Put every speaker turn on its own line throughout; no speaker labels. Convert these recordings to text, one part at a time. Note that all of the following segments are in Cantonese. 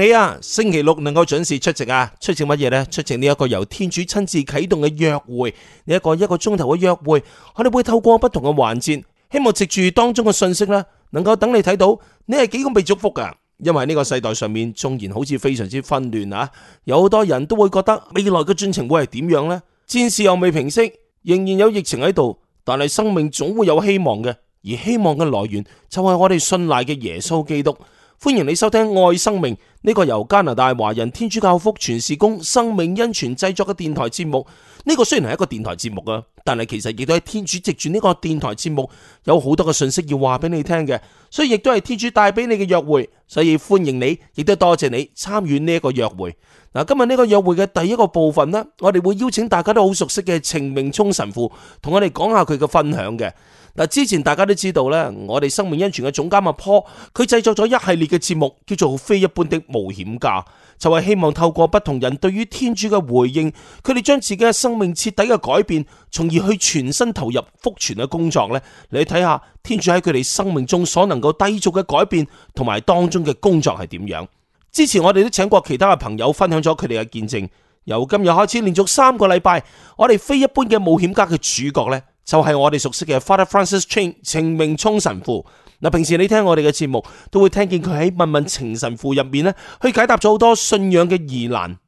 你啊，星期六能夠準時出席啊？出席乜嘢呢？出席呢一個由天主親自啟動嘅約會，呢一個一個鐘頭嘅約會，我哋會透過不同嘅環節，希望藉住當中嘅信息啦，能夠等你睇到你係幾咁被祝福噶。因為呢個世代上面縱然好似非常之紛亂啊，有好多人都會覺得未來嘅進程會係點樣呢？戰事又未平息，仍然有疫情喺度，但係生命總會有希望嘅，而希望嘅來源就係我哋信賴嘅耶穌基督。歡迎你收聽《愛生命》，呢個由加拿大華人天主教福傳事工生命恩傳製作嘅電台節目。呢個雖然係一個電台節目啊，但係其實亦都係天主藉著呢個電台節目，有好多嘅信息要話俾你聽嘅，所以亦都係天主帶俾你嘅約會。所以歡迎你，亦都多謝你參與呢一個約會。嗱，今日呢個約會嘅第一個部分呢，我哋會邀請大家都好熟悉嘅程明聰神父同我哋講下佢嘅分享嘅。嗱，之前大家都知道咧，我哋生命恩泉嘅總監阿 Paul，佢製作咗一系列嘅節目，叫做《非一般的冒險家》，就係、是、希望透過不同人對於天主嘅回應，佢哋將自己嘅生命徹底嘅改變，從而去全身投入福傳嘅工作咧。你睇下天主喺佢哋生命中所能夠低俗嘅改變，同埋當中嘅工作係點樣？之前我哋都請過其他嘅朋友分享咗佢哋嘅見證。由今日開始，連續三個禮拜，我哋非一般嘅冒險家嘅主角咧。就係我哋熟悉嘅 Father Francis Chan，程明聰神父。嗱，平時你聽我哋嘅節目都會聽見佢喺問問情神父入面咧，去解答咗好多信仰嘅疑難。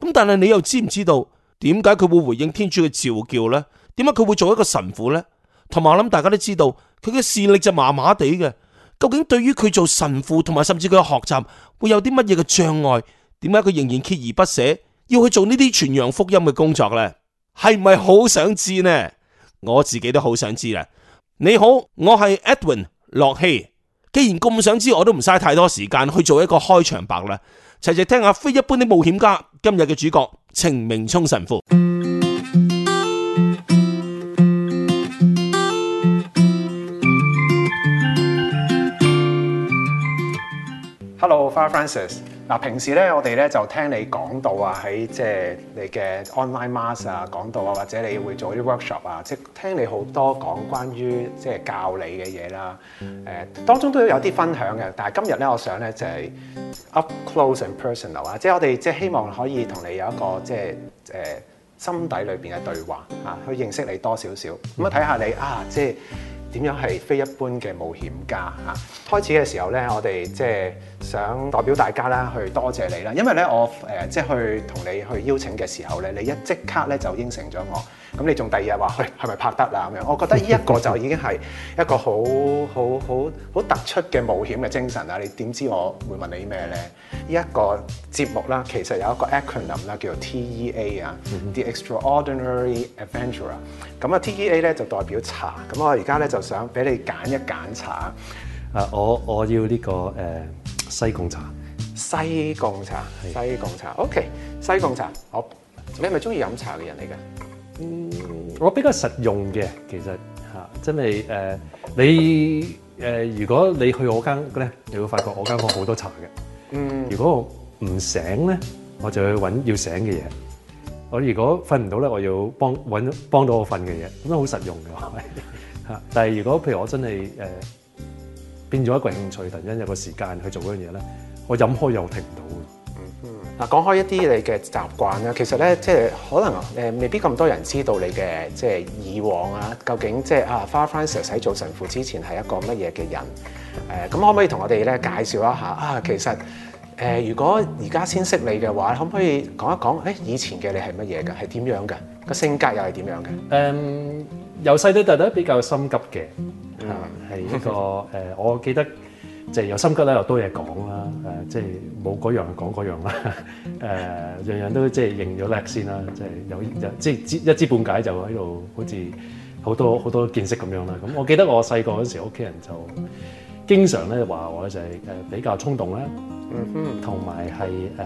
咁但係你又知唔知道點解佢會回應天主嘅召叫呢？點解佢會做一個神父呢？同埋我諗大家都知道佢嘅視力就麻麻地嘅，究竟對於佢做神父，同埋甚至佢嘅學習會有啲乜嘢嘅障礙？點解佢仍然鍥而不捨要去做呢啲傳揚福音嘅工作呢？係咪好想知呢？我自己都好想知啦。你好，我係 Edwin 洛希。既然咁想知，我都唔嘥太多時間去做一個開場白啦。齊齊聽下非一般的冒險家，今日嘅主角，程明聰神父。
Hello, Father Francis，啊。嗱，平時咧，我哋咧就聽你講到啊，喺即係你嘅 online mass 啊，講到啊，或者你會做啲 workshop 啊，即係聽你好多講關於即係教你嘅嘢啦。誒、啊，當中都有啲分享嘅，但係今日咧，我想咧就係、是、up close and personal 啊，即係我哋即係希望可以同你有一個即係誒、啊、心底裏邊嘅對話啊，去認識你多少少。咁啊，睇下你啊，即係點樣係非一般嘅冒險家啊！開始嘅時候咧，我哋即係。想代表大家啦，去多謝你啦，因為咧我誒、呃、即係去同你去邀請嘅時候咧，你一即刻咧就應承咗我，咁你仲第二日話係係咪拍得啊咁樣？我覺得呢一個就已經係一個好好好好突出嘅冒險嘅精神啦。你點知我會問你咩咧？呢一個節目啦，其實有一個 acronym 啦，叫做 T E A 啊，The Extraordinary Adventurer。咁啊 T E A 咧就代表茶，咁我而家咧就想俾你揀一揀茶
啊。我我要呢個誒。呃西貢茶，
西貢茶，西貢茶，OK，西貢茶，我你係咪中意飲茶嘅人嚟㗎？嗯，
我比較實用嘅，其實吓、啊，真係誒、呃，你誒、呃，如果你去我間咧，你會發覺我間房好多茶嘅。嗯，如果我唔醒咧，我就去搵要醒嘅嘢。我如果瞓唔到咧，我要幫搵幫到我瞓嘅嘢，咁樣好實用嘅。吓、啊，但係如果譬如我真係誒。呃變咗一個興趣，突然間有個時間去做嗰樣嘢咧，我飲開又停唔到嘅。嗯
嗯。嗱，講開一啲你嘅習慣咧，其實咧即係可能誒未必咁多人知道你嘅即係以往啊，究竟即係啊，Father Francis 喺做神父之前係一個乜嘢嘅人？誒，咁可唔可以同我哋咧介紹一下啊？其實誒，如果而家先識你嘅話，可唔可以講一講誒以前嘅你係乜嘢㗎？係點樣㗎？個性格又係點
樣嘅？誒，由細到大都比較心急嘅，係嘛？係一個誒、呃，我記得就係有心急啦，又多嘢講啦，誒、就是，即係冇嗰樣就講嗰樣啦，誒，樣、呃、樣都即係認咗叻先啦，即、就、係、是、有有即係一知半解就喺度，好似好多好多見識咁樣啦。咁我記得我細個嗰時，屋企人就經常咧話我就係誒比較衝動啦，嗯哼，同埋係誒。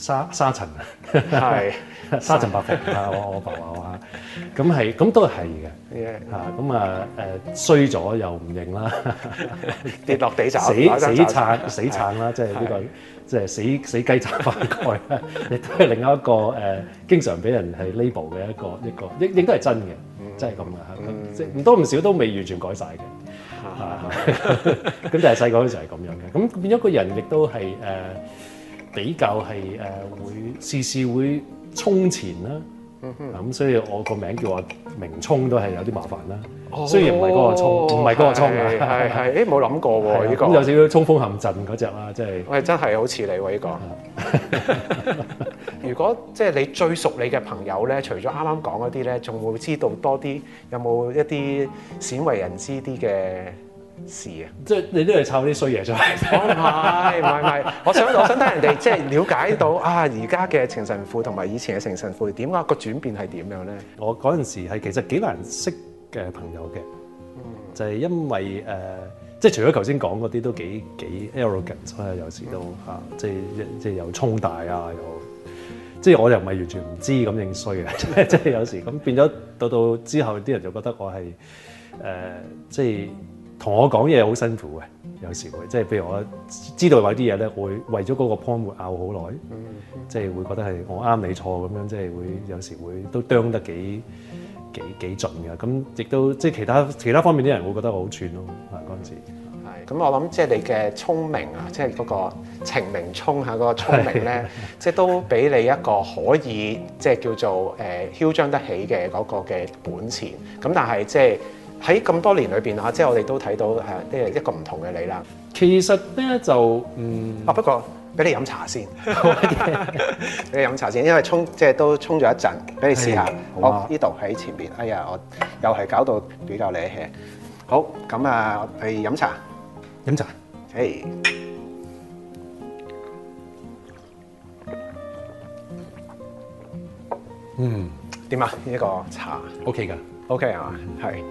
沙沙塵啊，係沙塵白皮啊！我我爸話我嚇，咁係咁都係嘅嚇，咁啊誒衰咗又唔認啦，
跌落地就死死撐死撐
啦，即係呢個即係死死雞撐飯蓋啦，亦都係另外一個誒經常俾人係 label 嘅一個一個，亦亦都係真嘅，真係咁嘅嚇，即係唔多唔少都未完全改曬嘅嚇，咁但係細個嗰陣係咁樣嘅，咁變咗個人亦都係誒。比較係誒、呃、會時時會衝前啦，咁、嗯嗯、所以我個名叫阿明衝都係有啲麻煩啦。哦，雖然唔係嗰個衝，唔係嗰個衝、 欸、啊，係
係冇諗過喎。咁、這個、有少少
衝鋒陷陣嗰隻啦，即、就、係、是。喂、欸，真
係好似你喎、啊、呢、呢個。 如果即係、就是、你最熟你嘅朋友咧，除咗啱啱講嗰啲咧，仲會知道多啲有冇一啲鮮為人知啲嘅？事啊，即係你都係湊啲衰嘢出嚟，唔係唔係。我想我想睇人哋即係了解到啊，而家嘅情神父同埋以前嘅情神父點啊、個轉變係點樣咧？我嗰
陣時係其實幾難識嘅朋友嘅、嗯，就係、是、因為即係、呃就是、除咗頭先講嗰啲都挺、嗯、幾幾 arrogant 有時候都嚇即係即係衝大啊，即係、嗯就是、我又唔係完全唔知咁認衰嘅，即 係有時咁變咗到到之後啲人就覺得我係誒即係。呃就是同我講嘢好辛苦嘅，有時會即係譬如我知道有啲嘢咧，為了那會為咗嗰個 point 拗好耐，即係會覺得係我啱你錯咁樣即，即係會有時會都啄得幾幾幾準㗎。咁亦都即係其他其他方面啲人會覺得我好串咯。啊，嗰陣時，係，
咁我諗即係你嘅聰明啊，即係嗰個情明聰明聰下嗰個聰明咧，即、就、係、是、都俾你一個可以即係、就是、叫做誒、呃、囂張得起嘅嗰個嘅本錢。咁但係即係。喺咁多年裏邊啊，即係我哋都睇到係即係一個唔同嘅你啦。其
實咧就嗯啊，不過俾你飲茶先，
俾 你飲茶先，因為沖即係都沖咗一陣，俾你試下。哎好啊，我呢度喺前邊，哎呀，我又係搞到比較瀨氣。好，咁啊，我去飲茶，
飲茶，誒、
okay.，嗯，點啊？一、呢個茶，OK 噶。O K 啊，係。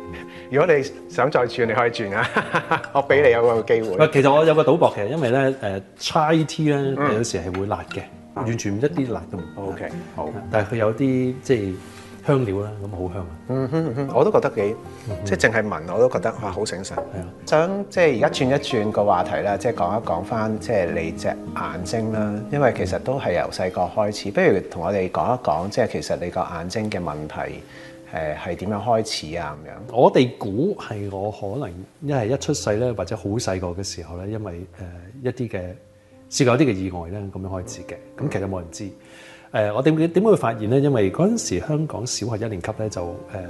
如果你想再轉，你可以轉啊， 我俾你有個機會。其
實我有個賭博，其實因為咧，誒叉 E T 咧有時係會辣嘅，完全唔一啲辣都冇。O K，好。但係佢有啲即係香料啦，咁好香啊。嗯哼哼，我都覺得幾，即係淨係聞我都覺得哇好醒神。係、mm、啊 -hmm.，想
即係而家轉一轉個話題啦，即係講一講返即係你隻眼睛啦，因為其實都係由細個開始。不如同我哋講一講，即係其實你個眼睛嘅問題。
誒係點樣開始啊？咁、嗯、樣我哋估係我可能一係一出世咧，或者好細個嘅時候咧，因為誒、呃、一啲嘅試過一啲嘅意外咧，咁樣開始嘅。咁、嗯、其實冇人知誒、呃，我點點會發現咧？因為嗰陣時香港小學一年級咧就誒。呃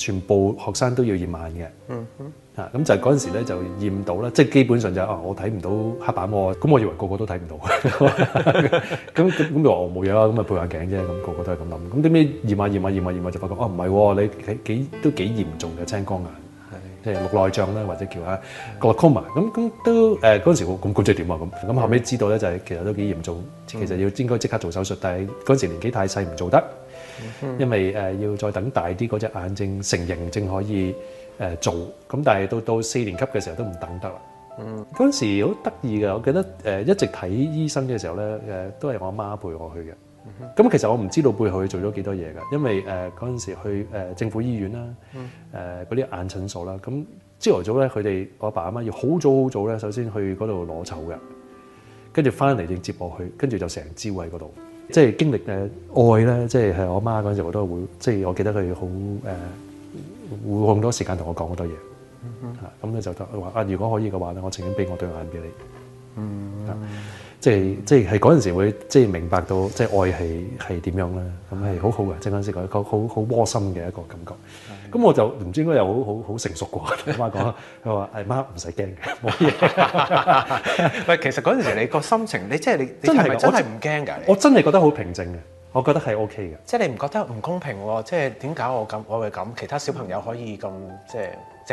全部學生都要驗眼嘅，啊、嗯、咁、嗯、就嗰陣時咧就驗到啦，即係基本上就是、啊我睇唔到黑板喎，咁我以為個個都睇唔到，咁咁咁就我冇嘢啦，咁咪配眼鏡啫，咁、那個個都係咁諗，咁點解驗眼、啊、驗眼、啊、驗眼、啊、驗眼、啊啊、就發覺哦，唔係喎，你你幾都幾嚴重嘅青光眼，即係綠內障啦或者叫下 glaucoma，咁咁都誒嗰陣時我咁咁即係點啊咁，咁後尾知道咧就係、是、其實都幾嚴重，其實要應該即刻做手術，嗯、但係嗰陣時候年紀太細唔做得。因為誒要再等大啲嗰隻眼睛成形症可以誒、呃、做，咁但係到到四年級嘅時候都唔等得啦。嗰、嗯、陣時好得意嘅，我記得誒一直睇醫生嘅時候咧，誒都係我阿媽，媽陪我去嘅。咁、嗯、其實我唔知道背後去做咗幾多嘢噶，因為誒嗰陣時去誒、呃、政府醫院啦，誒嗰啲眼診所啦，咁朝頭早咧佢哋我阿爸阿媽要好早好早咧，首先去嗰度攞籌嘅，跟住翻嚟正接我去，跟住就成朝喺嗰度。即係經歷愛咧，即係係我媽嗰陣時，我都會即係我記得佢好，呃，會好多時間同我講好多嘢。嚇咁咧就話啊，如果可以嘅話咧，我情願俾我對眼俾你。嗯、mm
-hmm. 啊。
即係即係係嗰陣時會即係明白到即係愛係係點樣啦。咁係好好嘅，即係，mm-hmm，嗰陣時講好好好窩心嘅一個感覺。咁我就唔知應該又好好好成熟過，我媽講啊，佢話：誒媽唔使驚嘅，冇嘢。唔係，其實嗰陣時你個心情，你即係你，真係真係唔驚㗎。我真係覺得好平靜嘅，我覺得係 OK 嘅。即
係你唔覺得唔公平喎？即係點
解我咁我係咁，其他小朋友可以咁即係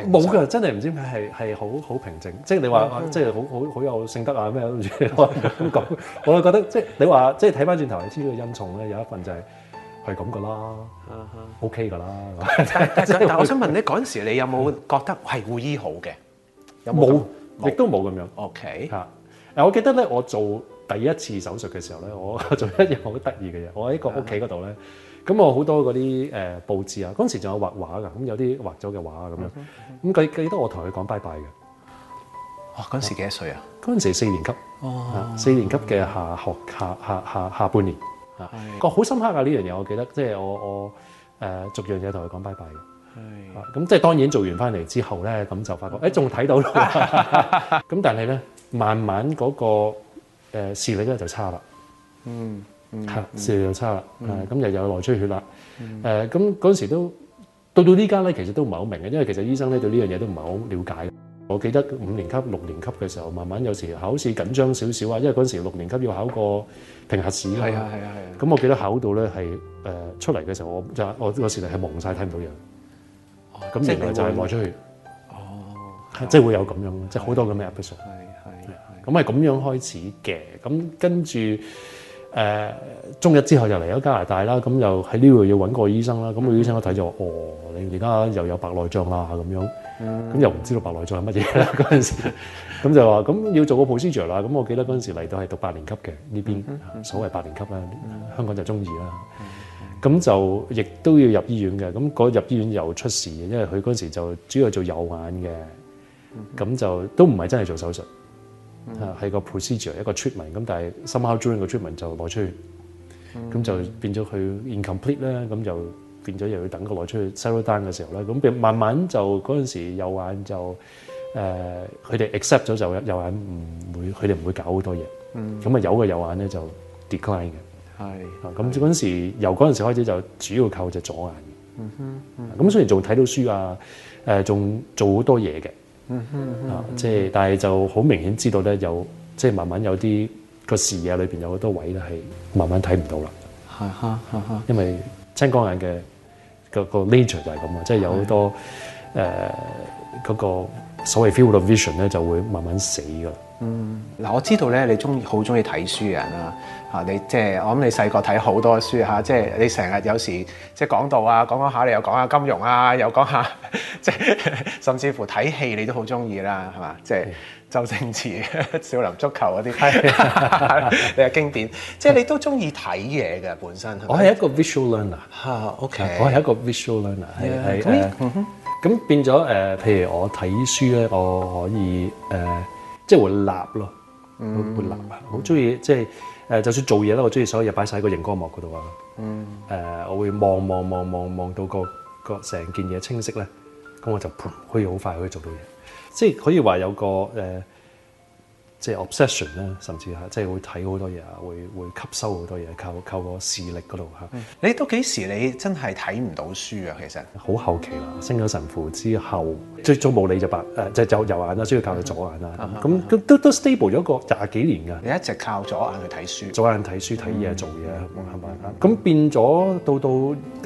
靜？冇㗎，真係唔知咩係係好好平靜。即係你話即係好好好有性德啊咩？諗住我咁講，我就覺得即係你話即係睇翻轉頭，你知道恩重咧有一份就係。係咁噶啦，OK 噶啦。但，就是、但我想問咧，嗰 陣時你有冇覺得係會醫好嘅、嗯？有冇，亦都冇咁樣。OK。嚇！誒，我記得咧，我做第一次手術嘅時候咧，我做一樣好得意嘅嘢。我喺個屋企嗰度咧，咁、uh -huh. 我好多嗰啲誒佈置啊。嗰陣時仲有畫畫噶，咁有啲畫咗嘅畫咁樣。咁、uh、記 -huh. 記得我同佢講拜拜嘅。哇、uh -huh.！嗰陣時幾多歲啊？嗰陣時四年級。哦、uh -huh.。四年級嘅下學下下下下半年。個好深刻啊！呢樣嘢我記得，即、就、係、是、我我誒、呃、逐樣嘢同佢講拜拜嘅。係啊咁即係當然做完翻嚟之後咧，咁就發覺誒仲睇到，咁 但係咧慢慢嗰、那個誒、呃、視力咧就差啦、嗯。嗯，視力就差啦，咁、嗯、又有內出血啦。誒咁嗰時都到到呢家咧，其實都唔係好明嘅，因為其實醫生咧對呢樣嘢都唔係好了解。我記得五年級、六年級嘅時候，慢慢有時考試緊張少少啊，因為嗰時六年級要考個評核試啦。係啊係啊係啊！咁我記得考到咧係誒出嚟嘅時候，我就我嗰時係蒙晒睇唔到嘢。咁、哦、原來就係攞出去。哦，哦即係會有咁樣，係即係好多咁嘅 episode 係係。咁係咁樣開始嘅，咁跟住誒中一之後就嚟咗加拿大啦，咁又喺呢度要揾個醫生啦。咁個醫生一睇、嗯、就，看就哦，你而家又有白內障啦咁樣。咁、嗯、又唔知道白內障係乜嘢啦嗰陣時，咁 就話咁要做個 procedure 啦。咁我記得嗰陣時嚟到係讀八年級嘅呢邊、嗯嗯、所謂八年級啦、嗯，香港就中二啦。咁、嗯嗯、就亦都要入醫院嘅。咁嗰入醫院又出事，因為佢嗰陣時就主要做右眼嘅，咁、嗯、就都唔係真係做手術，
係、嗯、
個 procedure 一個 treatment。咁但係 somehow during 個 treatment 就攞出去，咁、嗯、就變咗佢 incomplete 啦。咁就。變咗又要等佢攞出去收 order 嘅時候咧，咁變慢慢就嗰陣時右眼就誒，佢、呃、哋 accept 咗就右眼唔會，佢哋唔會搞好多嘢。咁、嗯、啊有個右眼咧就 decline 嘅。係，咁嗰陣時由嗰陣時開始就主要靠隻左眼
咁，
嗯嗯、雖然仲睇到書啊，誒、呃、仲做好多嘢嘅。
即、嗯、係、嗯啊就是、
但係就好明顯知道咧，有即係、就是、慢慢有啲個視野裏邊有好多位咧係慢慢睇唔到啦。係啊，因為青光眼嘅。嗰個 nature 就係咁啊，即係有好多誒嗰個所謂 field of vision 咧就會慢慢死噶。嗯，嗱我知道咧，你中好中意睇書嘅人啦。
嚇你即係我諗，你細個睇好多書嚇，即係你成日有時即係講到啊，講講下你又講下金融啊，又講下即係甚至乎睇戲你都好中意啦，係嘛？即係周星馳、少林足球嗰啲，你係經典，即係你都中意睇嘢嘅本身。我係一
個 visual learner 嚇，OK，我係一個 visual learner，係係咁變咗誒。譬如我睇書咧，我可以誒，即係會立咯，會會立啊，好中意即係。誒，就算做嘢啦，我中意所有嘢擺晒喺個熒光幕嗰度啊。誒、嗯呃，我會望望望望望到個個成件嘢清晰咧，咁我就砰，可以好快可以做到嘢，即係可以話有個誒。呃即係 obsession 咧，甚至係即係會睇好多嘢啊，會會吸收好多嘢，靠靠個視力嗰度嚇。你都幾時你真係睇唔到書啊？其實好後期啦，升咗神父之後，最早冇理就白即、呃、就就右眼啦，需要靠左眼啦。咁、嗯嗯嗯嗯嗯嗯、都都 stable 咗個廿幾年㗎。你一直靠左眼去睇書，左眼睇書睇嘢、嗯、做嘢係咪啊？咁、嗯嗯、變咗到到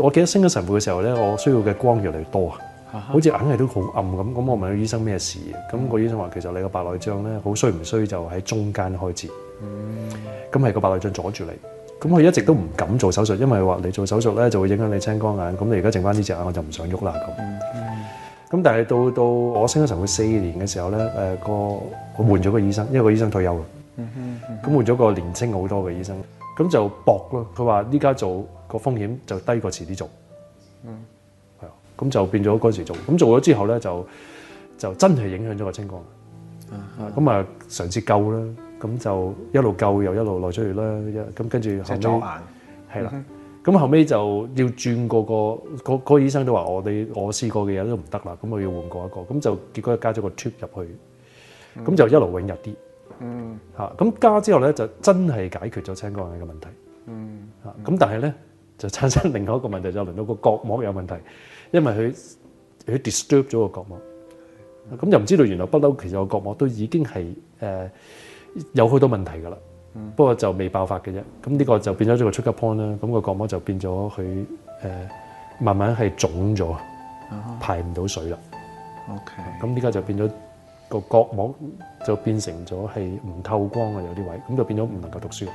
我記得升咗神父嘅時候咧，我需要嘅光越嚟越多啊。好似硬係都好暗咁，咁我問個醫生咩事？咁個醫生話其實你個白內障咧好衰唔衰就喺中間開始，咁係個白內障阻住你，咁佢一直都唔敢做手術，因為話你做手術咧就會影響你青光眼，咁你而家剩翻呢隻眼我就唔想喐啦咁。咁但係到到我升咗神佢四年嘅時候咧，誒個我換咗個醫生，因為個醫生退休啦，咁換咗個年青好多嘅醫生，咁就搏咯，佢話依家做個風險就低過遲啲做。咁就變咗嗰陣時做，咁做咗之後咧，就就真係影響咗個青光眼。咁啊，啊嘗試救啦，咁就一路救又一路耐出去啦。咁跟住後尾係啦，咁、嗯、後尾就要轉過個個個、嗰個醫生都話我哋，我試過嘅嘢都唔得啦，咁我要換過一個，咁就結果加咗個 tube 入去，咁就一路永入啲嚇，咁加之後咧，就真係解決咗青光眼嘅問題。
嚇、嗯、咁，嗯、
但係咧就產生另外一個問題，就輪到個角膜有問題。因為佢佢 disturb 咗個角膜，咁又唔知道原來不嬲，其實個角膜都已經係誒、呃、有好多問題㗎啦、嗯。不過就未爆發嘅啫，咁呢個就變咗一個 trigger point 啦。咁個角膜就變咗佢誒慢慢係腫咗，排唔到水啦。OK，咁依家就變咗個角膜就變成咗係唔透光嘅，有啲位咁就變咗唔能夠讀書。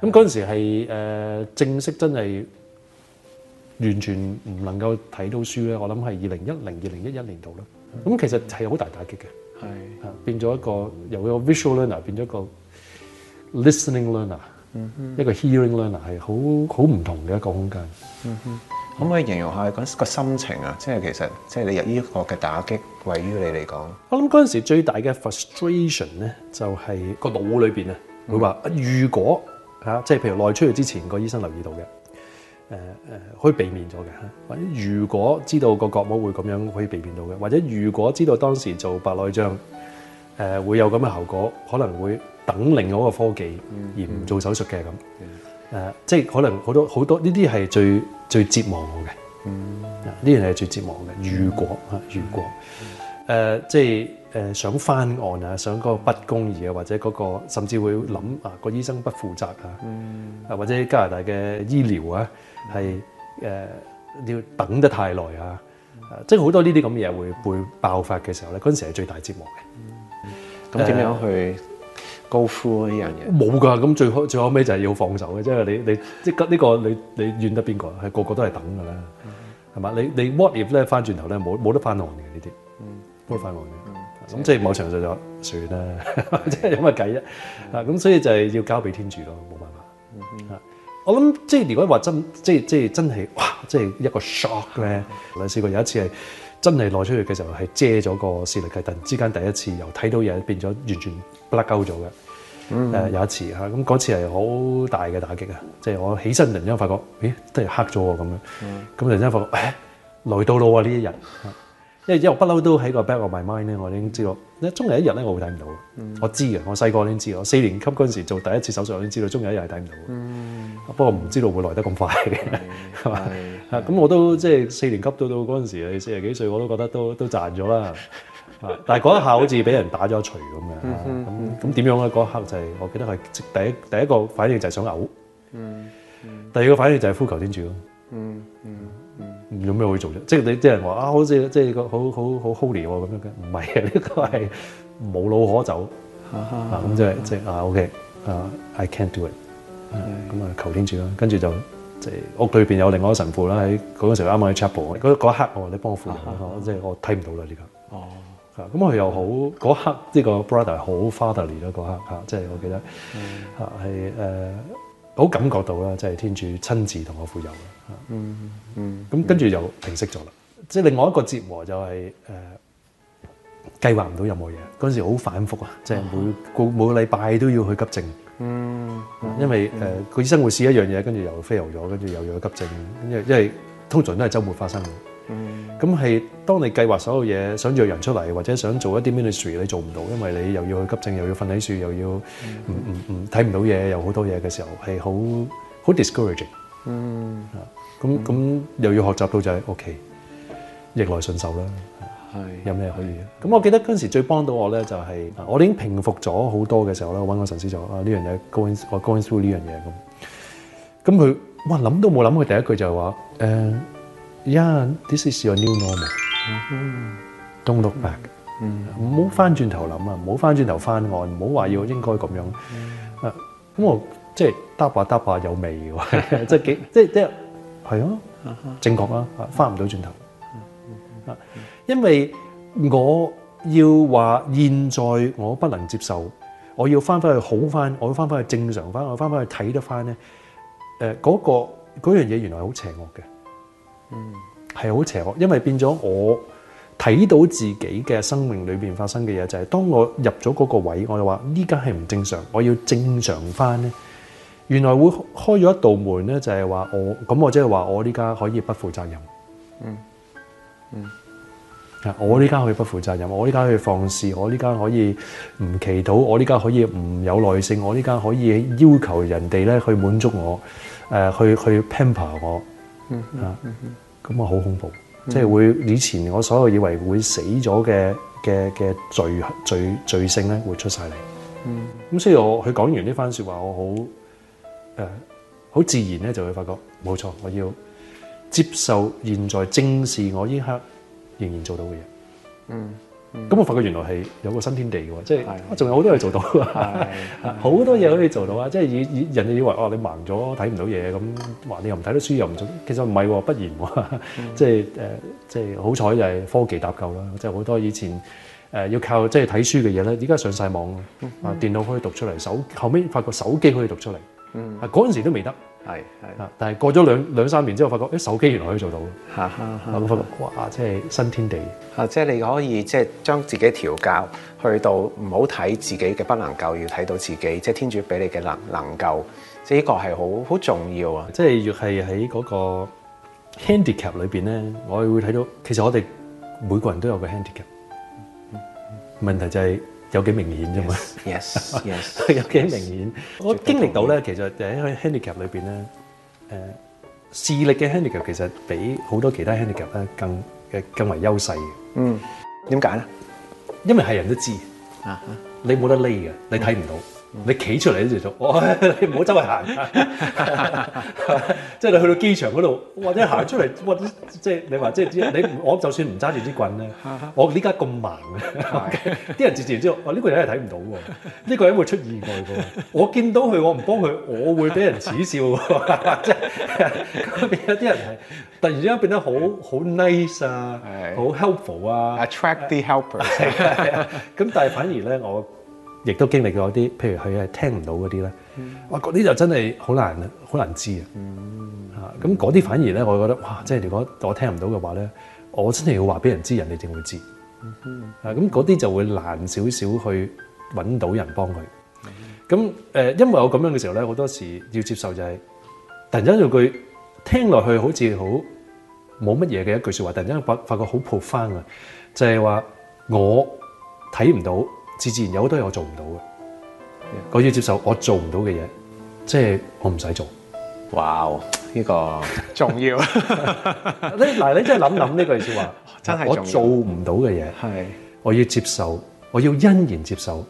咁嗰陣時係、呃、正式真係。完全唔能夠睇到書咧，我諗係二零一零、二零一一年度啦。咁、mm -hmm. 其實係好大打擊嘅，係、
mm -hmm.
變咗一個由一個 visual learner 變咗一個 listening learner，、
mm -hmm. 一個
hearing learner 係好好唔同嘅一個空間。
Mm -hmm.
Mm -hmm. 可唔可以形容一下個個心情是、就是個就是個 mm -hmm. 啊？即係其實即係你由依一個嘅打擊，位於你嚟
講。我諗嗰陣時最大嘅 frustration 咧，就係個腦裏邊啊，佢話如果嚇，即係譬如內出血之前、嗰個醫生留意到嘅。誒、呃、誒，可以避免咗嘅，或者如果知道個角膜會咁樣，可以避免到嘅，或者如果知道當時做白內障，誒、呃、會有咁嘅後果，可能會等另一個科技、嗯、而唔做手術嘅咁，誒、嗯呃，即係可能好多好多呢啲係最最折磨我嘅，呢樣係最折磨嘅。如果啊、嗯，如果誒、呃、即係誒、呃、想翻案啊，想嗰個不公義啊，或者嗰、嗰個甚至會諗啊、嗰個醫生不負責啊，啊、嗯、或者加拿大嘅醫療、嗯、啊。係誒、呃、要等得太耐、嗯、啊！即係好多呢啲咁嘢會會爆發嘅時候咧，嗰陣時係最大折磨嘅。咁、嗯、點、嗯、樣去 go through 呢樣嘢？冇噶，咁最後最後尾就係要放手嘅，即、嗯、係、就是、你你即呢個你你怨得邊個？係個，個個都係等噶啦，係、嗯、嘛、嗯？你你 what if 咧翻轉頭咧冇冇得翻岸嘅呢啲，冇得翻岸嘅。咁、嗯、即係某程度就算啦，即係有乜計啫？咁、 嗯嗯嗯、所以就係要交俾天主咯，冇辦法。嗯嗯我諗即係，如果話真即係即係真係哇，即係一個 shock 咧、okay。我試過有一次係真係內出血嘅時候，係遮咗個視力嘅。係突然之間第一次由睇到嘢變咗完全 black 鳩咗嘅。誒、mm -hmm. 呃、有一次嚇咁嗰次係好大嘅打擊啊！即、就、係、是、我起身突然之間發覺咦真係黑咗喎咁樣咁，突然之間、mm -hmm. 發覺誒來到咗啊呢一日，因為因為我不嬲都喺個 back of my mind 咧，我已經知道咧。終有一日咧、mm -hmm.，我會睇唔到，我知啊，我細個已經知，我四年級嗰陣時候做第一次手術，我已經知道終有一日係睇唔到嘅、mm -hmm. 我不過唔知道會來得咁快嘅，係嘛？咁 我都即係四年級到到嗰陣時你四十幾歲我都覺得都都賺咗啦。 但係嗰一下好似俾人打咗一錘咁
嘅，咁
咁點樣咧？嗰刻就係、是、我記得係第一第一個反應就係想嘔、嗯嗯，第二個反應就係呼求天主咯。有、嗯、咩、嗯嗯、可以做啫？即係你啲人話啊，好似即係個好好好，好 holy 咁、哦、樣嘅，唔係呢個係無路可走咁即係即係啊，啊，啊，啊，啊，啊，啊 OK 啊、uh, I can't do it。咁、okay. 啊求天主啦，跟住就即係屋裏邊有另外一個神父啦，喺嗰陣時啱啱去 chapel 嗰一刻，我話你幫我傅油，即係我睇唔到啦，而家哦，咁佢又好嗰刻呢個 brother 好 fatherly 嗰刻嚇，即係我記得嚇係誒好感覺到啦，即係天主親自同我傅油咁跟住又平息咗啦，即、嗯、係另外一個折磨就係誒計劃唔到任何嘢，嗰陣時好反覆啊，即、嗯、係、就是、每個、嗯、每個禮拜都要去急症。嗯，因為誒個醫生會試一樣嘢，跟住又 fail 咗，跟住又要去急症，因為因為通常都係周末發生嘅。嗯，咁係當你計劃所有嘢，想約人出嚟或者想做一啲 ministry，你做唔到，因為你又要去急症，又要瞓喺樹，又要唔唔唔睇唔到嘢，又好多嘢嘅時候，係好好 discouraging。嗯，吓咁咁又要學習到就係 ok，逆來順受啦。有咩可以？咁我記得嗰陣時最幫到我咧，就係我已經平復咗好多嘅時候咧，揾我找個神師就啊，呢樣嘢 going 我 going through 呢樣嘢咁。咁佢哇諗都冇諗，佢第一句就係話誒、uh、yeah，this is your new
normal，don't
look back，唔、嗯嗯、好翻轉頭諗、嗯、啊，唔好翻轉頭翻岸，唔好話要應該咁樣。咁我即係嗒啊嗒啊有味喎， 即係幾即係即係係啊正確啊，翻唔到轉頭。因為我要話現在我不能接受，我要翻返去好翻，我要翻返去正常翻，我翻返去睇得翻咧。誒，嗰個嗰樣嘢原來好邪惡嘅，嗯，係好邪惡。因為變咗我睇到自己嘅生命裏邊發生嘅嘢，就係當我入咗嗰個位，我就話依家係唔正常，我要正常翻咧。原來會開咗一道門咧，就係話我咁，我即係話我呢家可以不負責任，嗯，
嗯。
我呢家可以不負責任，我呢家可以放肆，我呢家可以唔祈禱，我呢家可以唔有耐性，我呢家可以要求人哋咧去滿足我，呃、去去 pamper 我，咁、嗯嗯嗯、啊好恐怖，嗯、即係會以前我所有以為會死咗嘅嘅嘅罪罪罪，罪，罪性咧會出晒嚟，咁、嗯、所以我佢講完呢番説話，我好好、呃、自然咧就會發覺，冇錯，我要接受現在正視我呢刻。仍然做到嘅嘢，嗯，咁、嗯、我發覺原來係有個新天地嘅喎，即係仲有好多嘢做到好 多嘢可以做到啊，即係、就是、以以人哋以為哦你盲咗睇唔到嘢咁，話你又唔睇到書又唔做，其實唔係喎，不然喎、嗯，即係誒、呃，即係好彩就係科技搭救啦，即係好多以前誒、呃、要靠即係睇書嘅嘢咧，依家上晒網、嗯，啊電腦可以讀出嚟，手後尾發覺手機可以讀出嚟，嗯，嗰、啊、陣時都未得。係係啊！但係過咗兩兩三年之後，發覺誒，手機原來可以做到吓吓我發覺、欸、是是是我發覺哇，即係新天地啊！即、就、係、是、你可以即係將自
己調教去到唔好睇自己嘅不能夠，要睇到自己即係、就是、天主俾你嘅能
能夠。即係呢個係好好重要啊！即係若係喺嗰個 handicap 裏邊咧，嗯、我會睇到，其實我哋每個人都有個 handicap。問題就係、是。有幾明顯啫嘛？Yes，Yes，有幾明顯。我經歷到咧，其實就喺 handicap 裏邊咧，誒視力嘅 handicap 其實比好多其他 handicap 咧更誒更為優勢嘅。嗯，點解咧？因為係人都知啊，你冇得匿嘅，你睇唔到。你企出嚟呢直數，我、哦、你唔好周圍行，即 係 你去到機場嗰度，或者行出嚟，或者即係你話即係啲你我就算唔揸住支棍咧，我依家咁盲，啲 人自然知道，呢、哦這個人係睇唔到喎，呢、這個人會出意外嘅， 我見到佢我唔幫佢，我會俾人恥笑，即係入邊有啲人係突然之間變得好好 nice 啊，好 helpful 啊，attract the helpers，咁 但係反而咧我。亦都經歷過一啲，譬如佢係聽唔到嗰啲咧，哇！嗰啲就真係好難，好難知啊！嚇咁嗰啲反而咧，我覺得哇！即係如果我聽唔到嘅話咧，我真係要話俾人知，人哋先會知啊！咁嗰啲就會難少少去揾到人幫佢。咁、嗯呃、因為我咁樣嘅時候咧，好多時要接受就係、是，突然間有句聽落去好似好冇乜嘢嘅一句說話，突然間發發覺好 profound 啊！就係話我睇唔到。自自然有好多嘢我做唔到嘅，我要接受我做唔到嘅嘢，即、就、係、是、我唔使做。哇、wow, 呢個重要。你嗱，你真係諗諗呢句說話，真係我做唔到嘅嘢，係我要接受，嗯、我要欣然接受，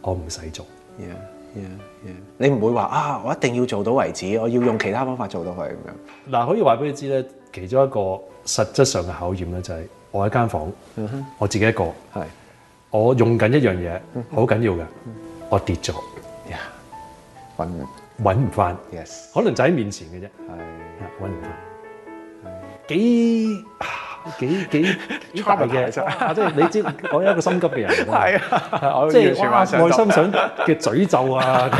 我唔使做。y、yeah, yeah, yeah. 你唔會話啊，我一定要做到為止，我要用其他方法做到佢。咁、嗯、樣。嗱、啊，可以話俾你知咧，其中一個實質上嘅考驗咧，就係我喺一間房、嗯哼，我自己一個，係。我用緊一樣嘢，好緊要嘅。我跌咗呀，揾唔翻。Yes，可能就喺面前嘅啫。係，揾唔翻。幾幾幾嘅，即係你知我一個心急嘅人。係 啊，我 即係內心想嘅詛咒啊，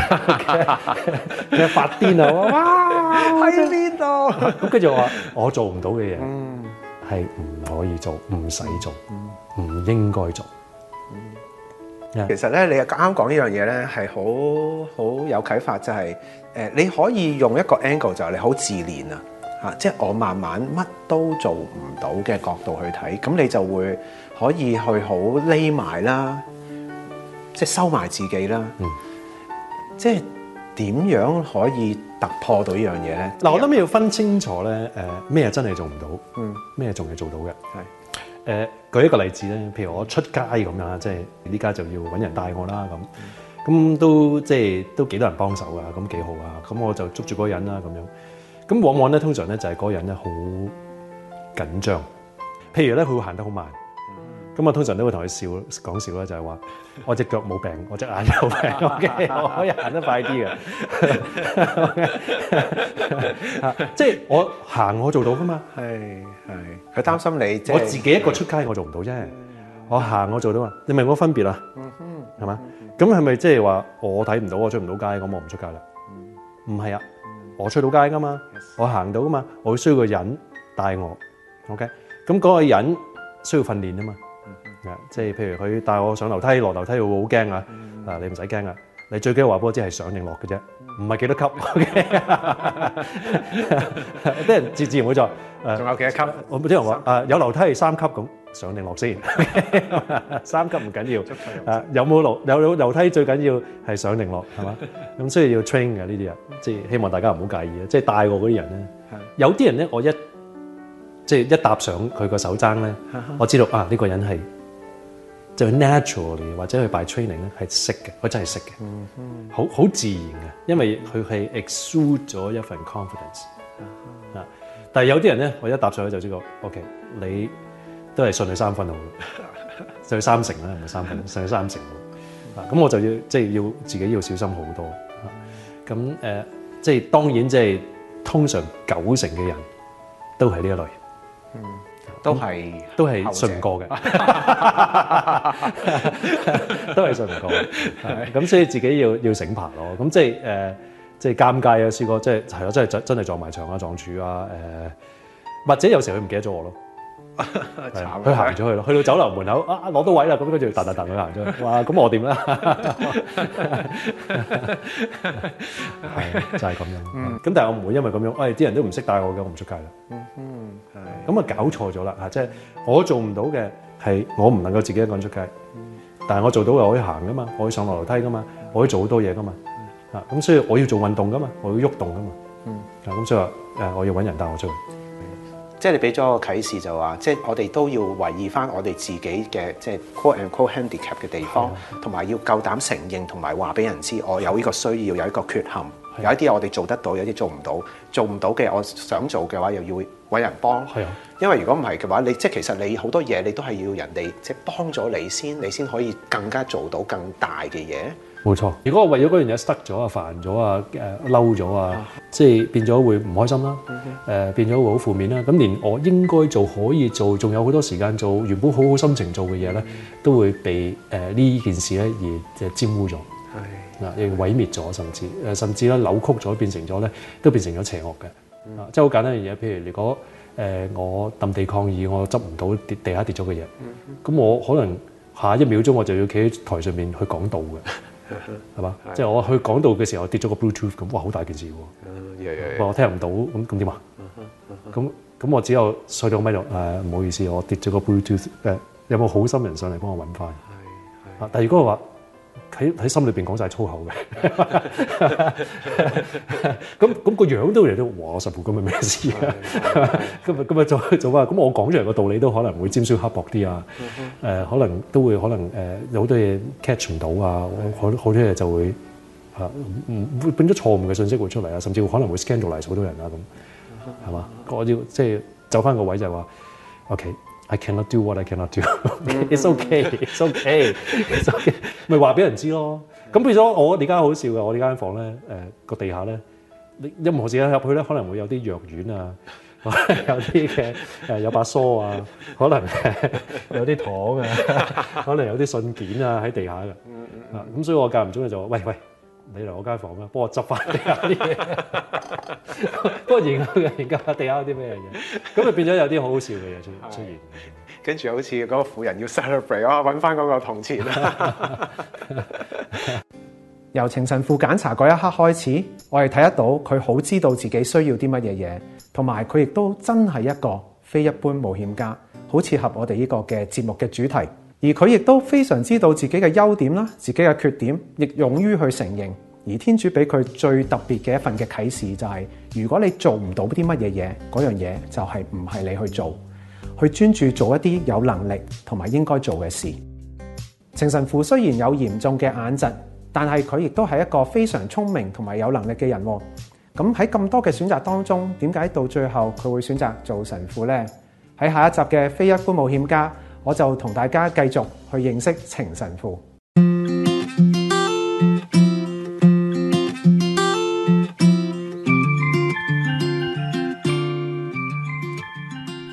嘅發癲啊！
哇，喺邊度？
咁跟住我話，我做唔到嘅嘢，係、嗯、唔可以做，唔使做，唔應該做。Yeah.
其實咧，你又啱啱講呢樣嘢咧，係好好有啟發，就係誒，你可以用一個 angle 就係你好自憐啊，吓，即係我慢慢乜都做唔到嘅角度去睇，咁你就會可以去好匿埋啦，即係收埋自己啦，mm. 即係
點樣可以突破到件事呢樣嘢咧？嗱，我諗要分清楚咧，誒、呃，咩真係做唔到，嗯，咩仲係做到嘅，係，誒、呃。舉一個例子咧，譬如我出街咁樣啦，即係依家就要揾人帶我啦咁，咁都即係都幾多人幫手啊，咁幾好啊，咁我就捉住嗰個人啦咁樣，咁往往咧通常咧就係嗰個人咧好緊張，譬如咧佢會行得好慢。咁我通常都會同佢笑講笑啦，就係、是、話我隻腳冇病，我隻眼有病，O、okay? K，我可以行得快啲嘅。Okay? 即係我行我做到噶嘛。係 係，佢擔心你、就是。我自己一個出街我做唔到啫。我行我做到嘛。你明我分別啊？嗯係嘛？咁係咪即係話我睇唔到我出唔到街咁我唔出街啦？唔係啊，我出到街噶嘛，我行到噶嘛。我會需要個人帶我，O K。咁、okay? 嗰個人需要訓練啊嘛。即係譬如佢帶我上樓梯、落樓梯，他會很怕，會好驚啊！嗱，你唔使驚啊，你最驚話俾我知係上定落嘅啫，唔係幾多少級？啲人自自然會在。仲有幾多級？我之前話啊，有樓梯係三級咁上定落先。 三級唔緊要，啊 有冇樓有樓梯最緊要係上定落係嘛？咁 所以要 train 嘅呢啲人，即係希望大家唔好介意啊！即係帶我嗰啲人咧， 有啲人咧我一即係、就是、一搭上佢個手踭咧，我知道啊呢、這個人係。就 naturally 或者佢 by training 咧係識嘅，佢、哦、真係識嘅，mm -hmm. 好好自然嘅，因為佢係 exude 咗一份 confidence 啊、mm -hmm. 但係有啲人咧，我一搭上去就知道 o、okay, k 你都係信佢三分好的，就三成啦，唔係三分，信佢三成。啊，咁、mm -hmm. 我就要即係、就是、要自己要小心好多。咁、mm、誒 -hmm.，即、呃、係、就是、當然即、就、係、是、通常九成嘅人都係呢一類人。Mm -hmm. 都係都係信唔過嘅， 都係信唔過嘅。咁所以自己要要醒牌咯。咁即係誒、呃，即係尷尬啊，試過，思、呃、哥，即係係咯，真係真真係撞埋牆啊，撞柱啊，誒，或者有時佢唔記得咗我咯。佢行咗去咯，去到酒樓門口啊，攞到位啦，咁佢就蹬蹬蹬去行咗去。哇，咁我點啦？係 就係咁樣。咁、嗯、但係我唔會因為咁樣，哎，啲人都唔識帶我嘅，我唔出街啦。咁、嗯、啊搞錯咗啦吓，即、就、係、是、我做唔到嘅係我唔能夠自己一個人出街、嗯。但係我做到嘅，我可以行噶嘛，我可以上落樓梯噶嘛，我可以做好多嘢噶嘛。啊、嗯，咁所以我要做運動噶嘛，我要喐動噶嘛。咁、嗯、所以話誒，我要搵人帶我出去。
即係你俾咗個啟示，就話，即係我哋都要懷疑翻我哋自己嘅即係 quote unquote handicap 嘅地方，同埋要夠膽承認同埋話畀人知，我有呢個需要，有一個缺陷，有一啲我哋做得到，有啲做唔到，做唔到嘅，我想做嘅話又要揾人幫。係啊，因為如果唔係嘅話，你即係其實你好多嘢你都係要人哋即係幫咗你先，你先可以更加做到更大嘅嘢。
冇錯，如果我為咗嗰樣嘢失咗啊、煩咗啊、誒嬲咗啊，即係變咗會唔開心啦，誒、呃、變咗會好負面啦，咁連我應該做、可以做、仲有好多時間做、原本好好心情做嘅嘢咧，都會被誒呢、呃、件事咧而誒沾污咗，嗱，亦毀滅咗，甚至誒甚至咧扭曲咗，變成咗咧都變成咗邪惡嘅、嗯啊，即係好簡單嘅嘢，譬如如果誒、呃、我揼地抗議，我執唔到跌地下跌咗嘅嘢，咁、嗯、我可能下一秒鐘我就要企喺台上面去講道嘅。係嘛？即係、就是、我去港島嘅時候，我跌咗個 Bluetooth 咁，哇！好大件事喎。哇！我聽唔到咁咁點啊？咁、啊、咁我只有四厘咪度。誒、呃，唔好意思，我跌咗個 Bluetooth、呃。誒，有冇好心人上嚟幫我搵翻？啊！但係如果話。喺心裏邊講晒粗口嘅，咁咁個樣都嚟到，哇！十副咁係咩事啊？咁啊咁啊，再再話，咁 我講出嚟個道理都可能會尖酸刻薄啲啊。誒， 可能都會可能誒， 有好多嘢 catch 唔到啊，好好多嘢就會嚇，嗯，變咗錯誤嘅信息會出嚟啊，甚至乎可能會 scandalize 好多人啊，咁係嘛？ 我要即係、就係、走翻個位置就係話，OK。I cannot do what I cannot do. Okay, it's okay. It's okay. It's okay. 咪話俾人知咯。咁、yeah. 譬如講我而家好笑嘅，我呢間房咧，個、呃、地下咧，你任何時間入去咧，可能會有啲藥丸啊， 有啲嘅、呃、有把梳啊，可能 有啲糖啊， 可能有啲信件啊喺地下嘅。
咁
嗯嗯啊，所以我間唔中就就喂喂。喂你嚟我間房咩？幫我執翻地下啲嘢。幫 我研究研究下地下那有啲咩嘢。咁就變咗
有啲好好笑嘅嘢出出現。跟住好似嗰個婦人要 celebrate，揾翻嗰個銅錢。 由情神父檢查嗰一刻開始，我哋睇得到佢好知道自己需要啲乜嘢嘢，同埋佢亦都真係一個非一般冒險家，好切合我哋呢個嘅節目嘅主題。而佢亦都非常知道自己嘅優點啦，自己嘅缺點，亦勇於去承認。而天主俾佢最特別嘅一份嘅啟示就係：如果你做唔到啲乜嘢嘢，嗰樣嘢就係唔係你去做，去專注做一啲有能力同埋應該做嘅事。程神父雖然有嚴重嘅眼疾，但係佢亦都係一個非常聰明同埋有能力嘅人。咁喺咁多嘅選擇當中，點解到最後佢會選擇做神父咧？喺下一集嘅《非一般冒險家》。我就同大家繼續去認識情神父。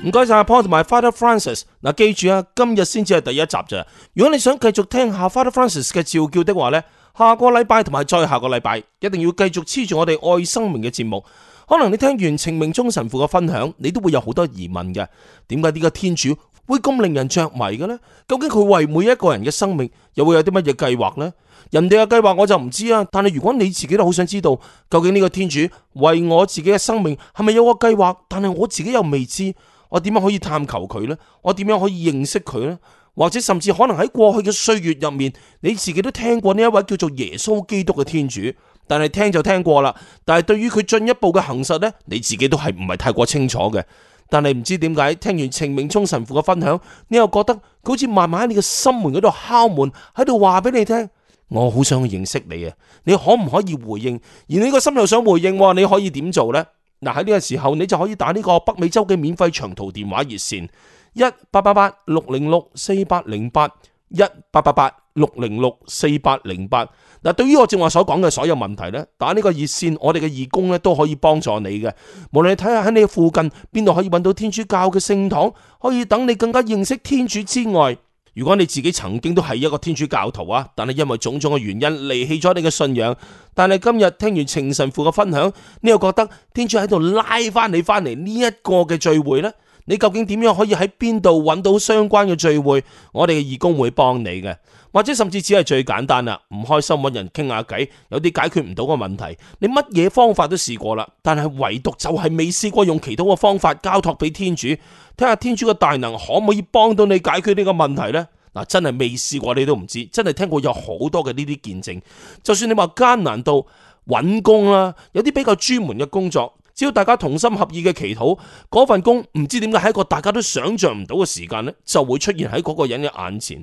唔該晒阿 Paul 同埋 Father Francis。嗱，記住啊，今日先至係第一集咋。如果你想繼續聽下 Father Francis 嘅召叫的話呢，下個禮拜同埋再下個禮拜，一定要繼續黐住我哋愛生命嘅節目。可能你聽完情命中神父嘅分享，你都會有好多疑問嘅。點解呢個天主？會咁令人着迷嘅呢？究竟佢為每一個人嘅生命又會有啲乜嘢計劃呢？人哋嘅計劃我就唔知啊。但係如果你自己都好想知道，究竟呢個天主為我自己嘅生命係咪有個計劃？但係我自己又未知，我點樣可以探求佢呢？我點樣可以認識佢呢？或者甚至可能喺過去嘅歲月入面，你自己都聽過呢一位叫做耶穌基督嘅天主，但係聽就聽過啦。但係對於佢進一步嘅行實呢，你自己都係唔係太過清楚嘅。但係唔知點解，聽完程明聰神父嘅分享，你又覺得佢好似慢慢喺你嘅心門嗰度敲門，喺度話俾你聽，我好想去認識你啊！你可唔可以回應？而你個心又想回應喎，你可以點做呢？嗱，喺呢個時候，你就可以打呢個北美洲嘅免費長途電話熱線一八八八六零六四八零八。一八八八六零六四八零八。嗱，對於我正話所講嘅所有問題呢，打呢個熱線，我哋嘅義工呢都可以幫助你嘅。無論你睇下喺你附近邊度可以揾到天主教嘅聖堂，可以等你更加認識天主之外，如果你自己曾經都係一個天主教徒啊，但係因為種種嘅原因離棄咗你嘅信仰，但係今日聽完情神父嘅分享，你又覺得天主喺度拉翻你翻嚟呢一個嘅聚會呢？你究竟點樣可以喺邊度揾到相關嘅聚會？我哋嘅義工會幫你嘅，或者甚至只係最簡單啦，唔開心揾人傾下偈，有啲解決唔到嘅問題，你乜嘢方法都試過啦，但係唯獨就係未試過用祈禱嘅方法交託俾天主，睇下天主嘅大能可唔可以幫到你解決呢個問題呢？嗱，真係未試過你都唔知，真係聽過有好多嘅呢啲見證，就算你話艱難到揾工啦，有啲比較專門嘅工作。只要大家同心合意嘅祈禱，嗰份工唔知點解喺一個大家都想象唔到嘅時間呢，就會出現喺嗰個人嘅眼前。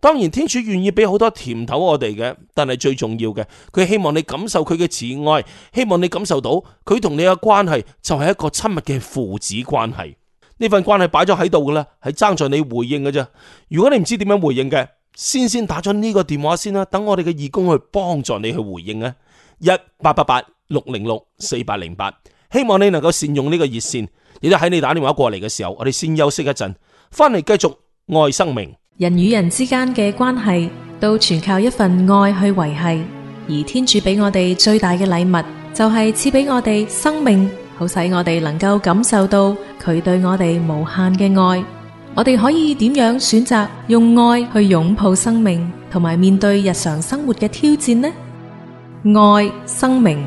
當然，天主願意俾好多甜頭我哋嘅，但係最重要嘅，佢希望你感受佢嘅慈愛，希望你感受到佢同你嘅關係就係一個親密嘅父子關係。呢份關係擺咗喺度嘅啦，係爭在你回應嘅啫。如果你唔知點樣回應嘅，先先打咗呢個電話先啦，等我哋嘅義工去幫助你去回應啊，一八八八六零六四八零八。希望你能夠善用呢個熱線，亦都喺你打電話過嚟嘅時候，我哋先休息一陣，翻嚟繼續愛生命。
人與人之間嘅關係，都全靠一份愛去維繫。而天主俾我哋最大嘅禮物，就係賜俾我哋生命，好使我哋能夠感受到佢對我哋無限嘅愛。我哋可以點樣選擇用愛去擁抱生命，
同埋面對日常生活嘅挑戰呢？愛生命。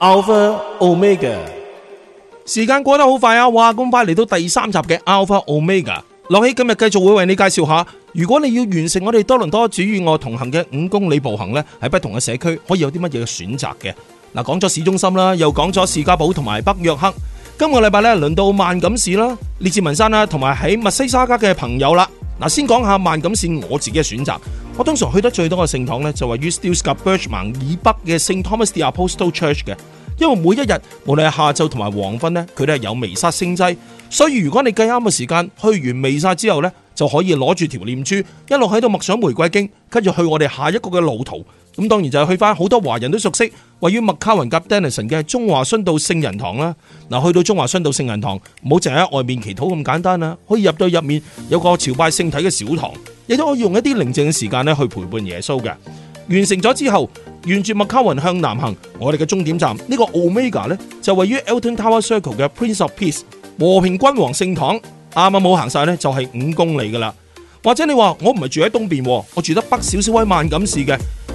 Alpha Omega，時間過得好快啊！哇，咁快嚟到第三集嘅 Alpha Omega，樂熙今日繼續會為你介紹下，如果你要完成我哋多倫多主與我同行嘅五公里步行咧，喺不同嘅社區可以有啲乜嘢嘅選擇嘅。嗱，講咗市中心啦，又講咗士加堡同埋北約克，今個禮拜咧輪到萬錦市啦、列治文山啦，同埋喺密西沙加嘅朋友啦。嗱，先講下萬錦線我自己嘅選擇。我通常去得最多嘅聖堂咧，就係於 Steeles 及 Birchmount 以北嘅 St Thomas the Apostle Church 嘅，因為每一日無論係下晝同埋黃昏咧，佢都係有彌撒聖祭，所以如果你計啱嘅時間去完彌撒之後咧，就可以攞住條念珠一路喺度默想玫瑰經，跟住去我哋下一個嘅路途。咁當然就係去翻好多華人都熟悉，位於麥卡雲夾 Denison，嘅中華殉道聖人堂啦，嗱，去到中華殉道聖人堂，唔好淨係喺外面祈禱咁簡單啊，可以入到入面，有個朝拜聖體嘅小堂，亦都可以用一啲寧靜嘅時間咧去陪伴耶穌嘅。完成咗之後，沿住麥卡雲向南行，我哋嘅終點站呢個 Omega 咧就位於 Elton Tower Circle 嘅 Prince of Peace 和平君王聖堂，啱啱冇行晒咧就係五公里噶啦。或者你話我唔係住喺東邊，我住得北少少喺萬錦市嘅。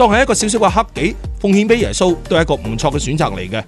當係一個少少嘅黑己奉獻俾耶穌，都係一個唔錯嘅選擇嚟嘅。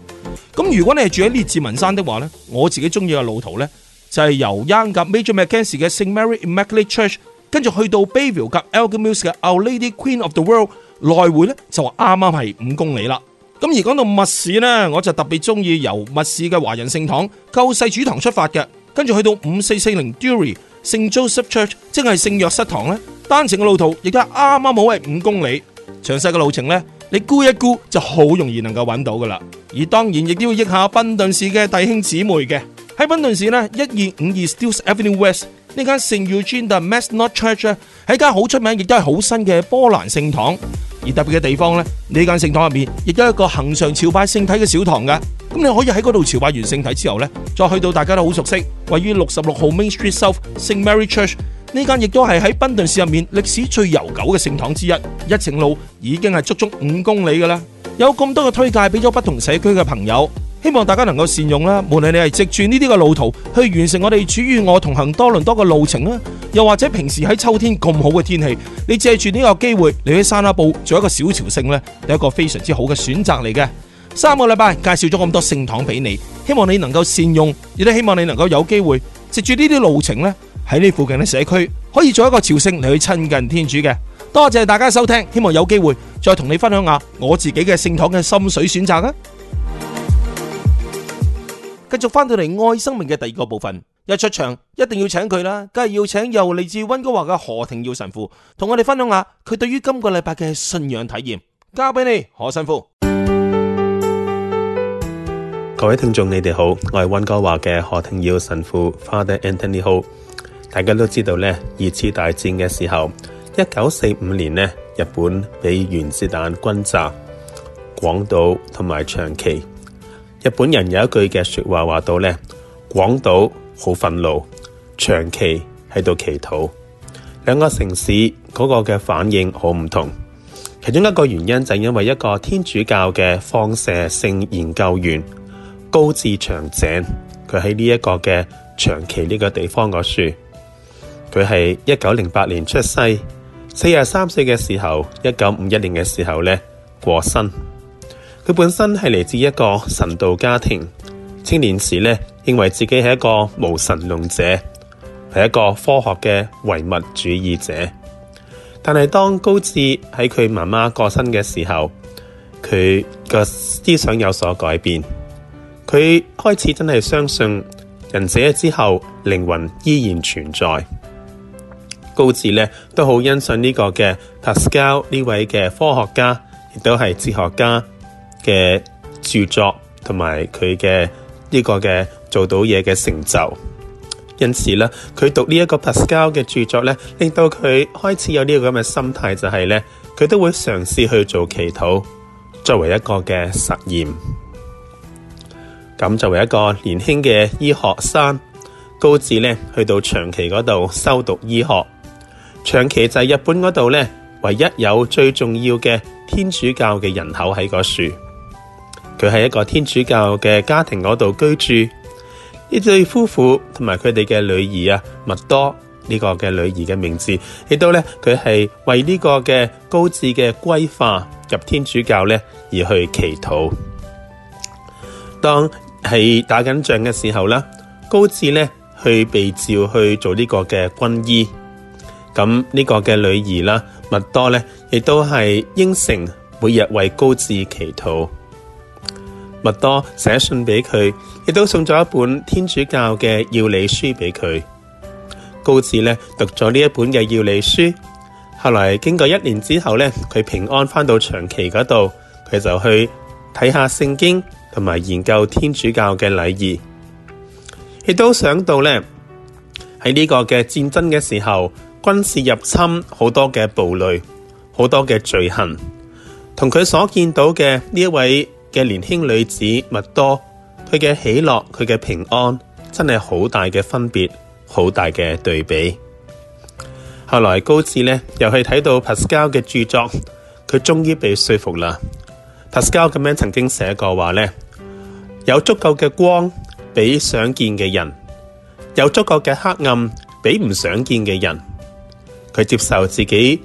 咁如果你係住喺列治文山的話咧，我自己中意嘅路途咧就係由 Yonge 及 Major Mackenzie 嘅 St Mary Immaculate Church 跟住去到 Bayview 及 Elgin Mills 嘅 Our Lady Queen of the World，來回咧就話啱啱係五公里啦。咁而講到密市咧，我就特別中意由密市嘅華人聖堂救世主堂出發嘅，跟住去到五四四零 Durie 聖 Joseph Church，即係聖約瑟堂咧，單程嘅路途亦都啱啱好係五公里。詳細嘅路程咧，你估一估就好容易能夠揾到噶啦。而當然亦都要益下賓頓市嘅弟兄姊妹嘅。喺賓頓市咧，一二五二 Stiles Avenue West 呢間 Saint Eugenede Mazenod Church 啊，係間好出名亦都係好新嘅波蘭聖堂。而特別嘅地方咧，呢間聖堂入面亦有一個恆常朝拜聖體嘅小堂嘅。咁你可以喺嗰度朝拜完聖體之後咧，再去到大家都好熟悉，位於六十六號 Main Street South Saint Mary Church。呢間亦都係喺賓頓市入面歷史最悠久嘅聖堂之一，一程路已經係足足五公里噶啦。有咁多嘅推介俾咗不同社區嘅朋友，希望大家能夠善用啦。無論你係藉住呢啲嘅路途去完成我哋主與我同行多倫多嘅路程啦，又或者平時喺秋天咁好嘅天氣，你藉住呢個機會嚟去散吓步做一個小朝聖咧，有一個非常之好嘅選擇嚟嘅。三個禮拜介紹咗咁多聖堂俾你，希望你能夠善用，亦都希望你能夠有機會藉住呢啲路程咧。喺呢附近嘅社區可以做一個朝聖嚟，去親近天主嘅。多謝大家收聽，希望有機會再同你分享下我自己嘅聖堂嘅心水選擇啊！繼續翻到嚟愛生命嘅第二個部分，一出場一定要請佢啦，梗係要請由嚟自溫哥華嘅何庭耀神父同我哋分享下佢對於今個禮拜嘅信仰體驗。交俾你，何神父。
各位聽眾，你哋好，我係溫哥華嘅何庭耀神父 Father Anthony Ho。大家都知道咧，二次大戰嘅時候，一九四五年呢，日本俾原子彈轟炸廣島同埋長崎。日本人有一句嘅說話話到咧，廣島好憤怒，長崎喺度祈禱。兩個城市嗰個嘅反應好唔同，其中一個原因就係因為一個天主教嘅放射性研究員高志長井，佢喺呢一個嘅長崎呢個地方個樹。佢係一九零八年出世，四廿三歲嘅時候，一九五一年嘅時候咧過身。佢本身係嚟自一個神道家庭，青年時咧認為自己係一個無神論者，係一個科學嘅唯物主義者。但係當高智喺佢媽媽過身嘅時候，佢個思想有所改變，佢開始真係相信人死咗之後靈魂依然存在。高智咧都好欣賞呢個嘅帕斯高呢位嘅科學家，亦都係哲學家嘅著作，同埋佢嘅呢個嘅做到嘢嘅成就。因此咧，佢讀呢一個帕斯高嘅著作咧，令到佢開始有呢個咁嘅心態，就係咧佢都會嘗試去做祈禱，作為一個嘅實驗。咁作為一個年輕嘅醫學生，高智咧去到長期嗰度修讀醫學。長崎就係日本嗰度咧，唯一有最重要嘅天主教嘅人口喺個樹。佢係一個天主教嘅家庭嗰度居住。呢對夫婦同埋佢哋嘅女兒啊，麥多呢、這個嘅女兒嘅名字，亦都咧佢係為呢個嘅高智嘅歸化入天主教咧而去祈禱。當係打緊仗嘅時候啦，高智咧去被召去做呢個嘅軍醫。咁呢個嘅女兒啦，麥多咧，亦都係應承每日為高智祈禱。麥多寫信俾佢，亦都送咗一本天主教嘅要理書俾佢。高智咧讀咗呢一本嘅要理書，後來經過一年之後咧，佢平安翻到長崎嗰度，佢就去睇下聖經，同埋研究天主教嘅禮儀，亦都想到咧喺呢個嘅戰爭嘅時候，軍事入侵，好多嘅暴戾，好多嘅罪行，同佢所見到嘅呢一位嘅年輕女子，麥多佢嘅喜樂，佢嘅平安，真係好大嘅分別，好大嘅對比。後來高智呢又去睇到 Pascal 嘅著作，佢終於被說服啦。Pascal 咁樣曾經寫過話呢，有足夠嘅光俾想見嘅人，有足夠嘅黑暗俾唔想見嘅人。佢接受自己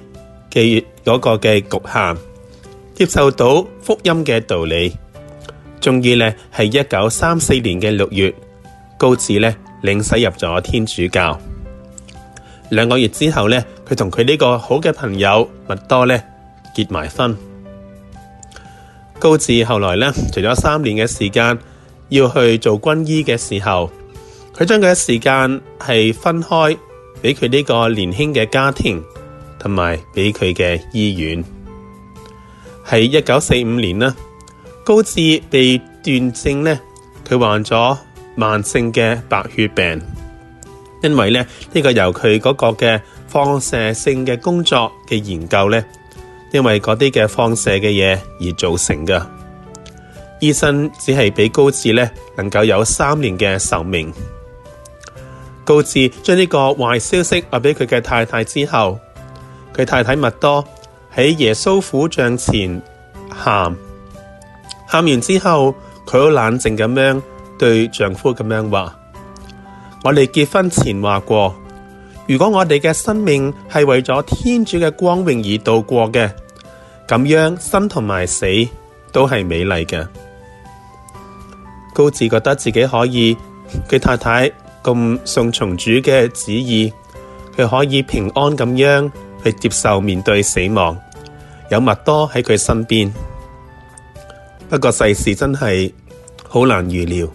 嘅嗰個嘅局限，接受到福音嘅道理，仲要咧係一九三四年嘅六月，高智咧領洗入咗天主教。兩個月之後咧，佢同佢呢個好嘅朋友麥多咧結埋婚。高智後來咧，除咗三年嘅時間要去做軍醫嘅時候，佢將佢嘅時間係分開。俾佢呢個年輕嘅家庭，同埋俾佢嘅醫院，喺一九四五年啦。高志被斷症咧，佢患咗慢性嘅白血病，因為咧呢、呢個由佢嗰個嘅放射性嘅工作嘅研究呢，因為嗰啲嘅放射嘅嘢而造成噶。醫生只係俾高志呢能夠有三年嘅壽命。高志將呢個壞消息話俾佢嘅太太之後，佢太太默多喺耶穌苦像前喊。喊完之後，佢好冷靜咁樣對丈夫咁樣話：我哋結婚前話過，如果我哋嘅生命係為咗天主嘅光榮而度過嘅，咁樣生同埋死都係美麗嘅。高志覺得自己可以，佢太太。順從主嘅旨意，佢可以平安咁樣去接受面對死亡，有麥多喺佢身邊。不過世事真係好難預料，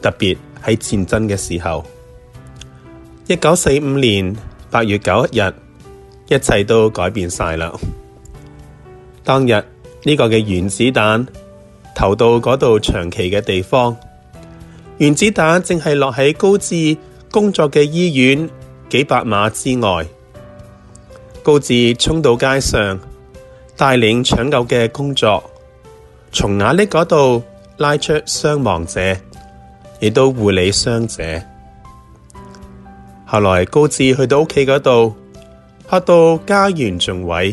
特別喺戰爭嘅時候。一九四五年八月九日，一切都改變晒啦。當日呢、呢個嘅原子彈投到嗰度長崎嘅地方。原子彈正係落喺高志工作嘅醫院幾百碼之外，高志衝到街上，帶領搶救嘅工作，從瓦礫嗰度拉出傷亡者，亦都護理傷者。後來高志去到屋企嗰度，嚇到家園盡毀，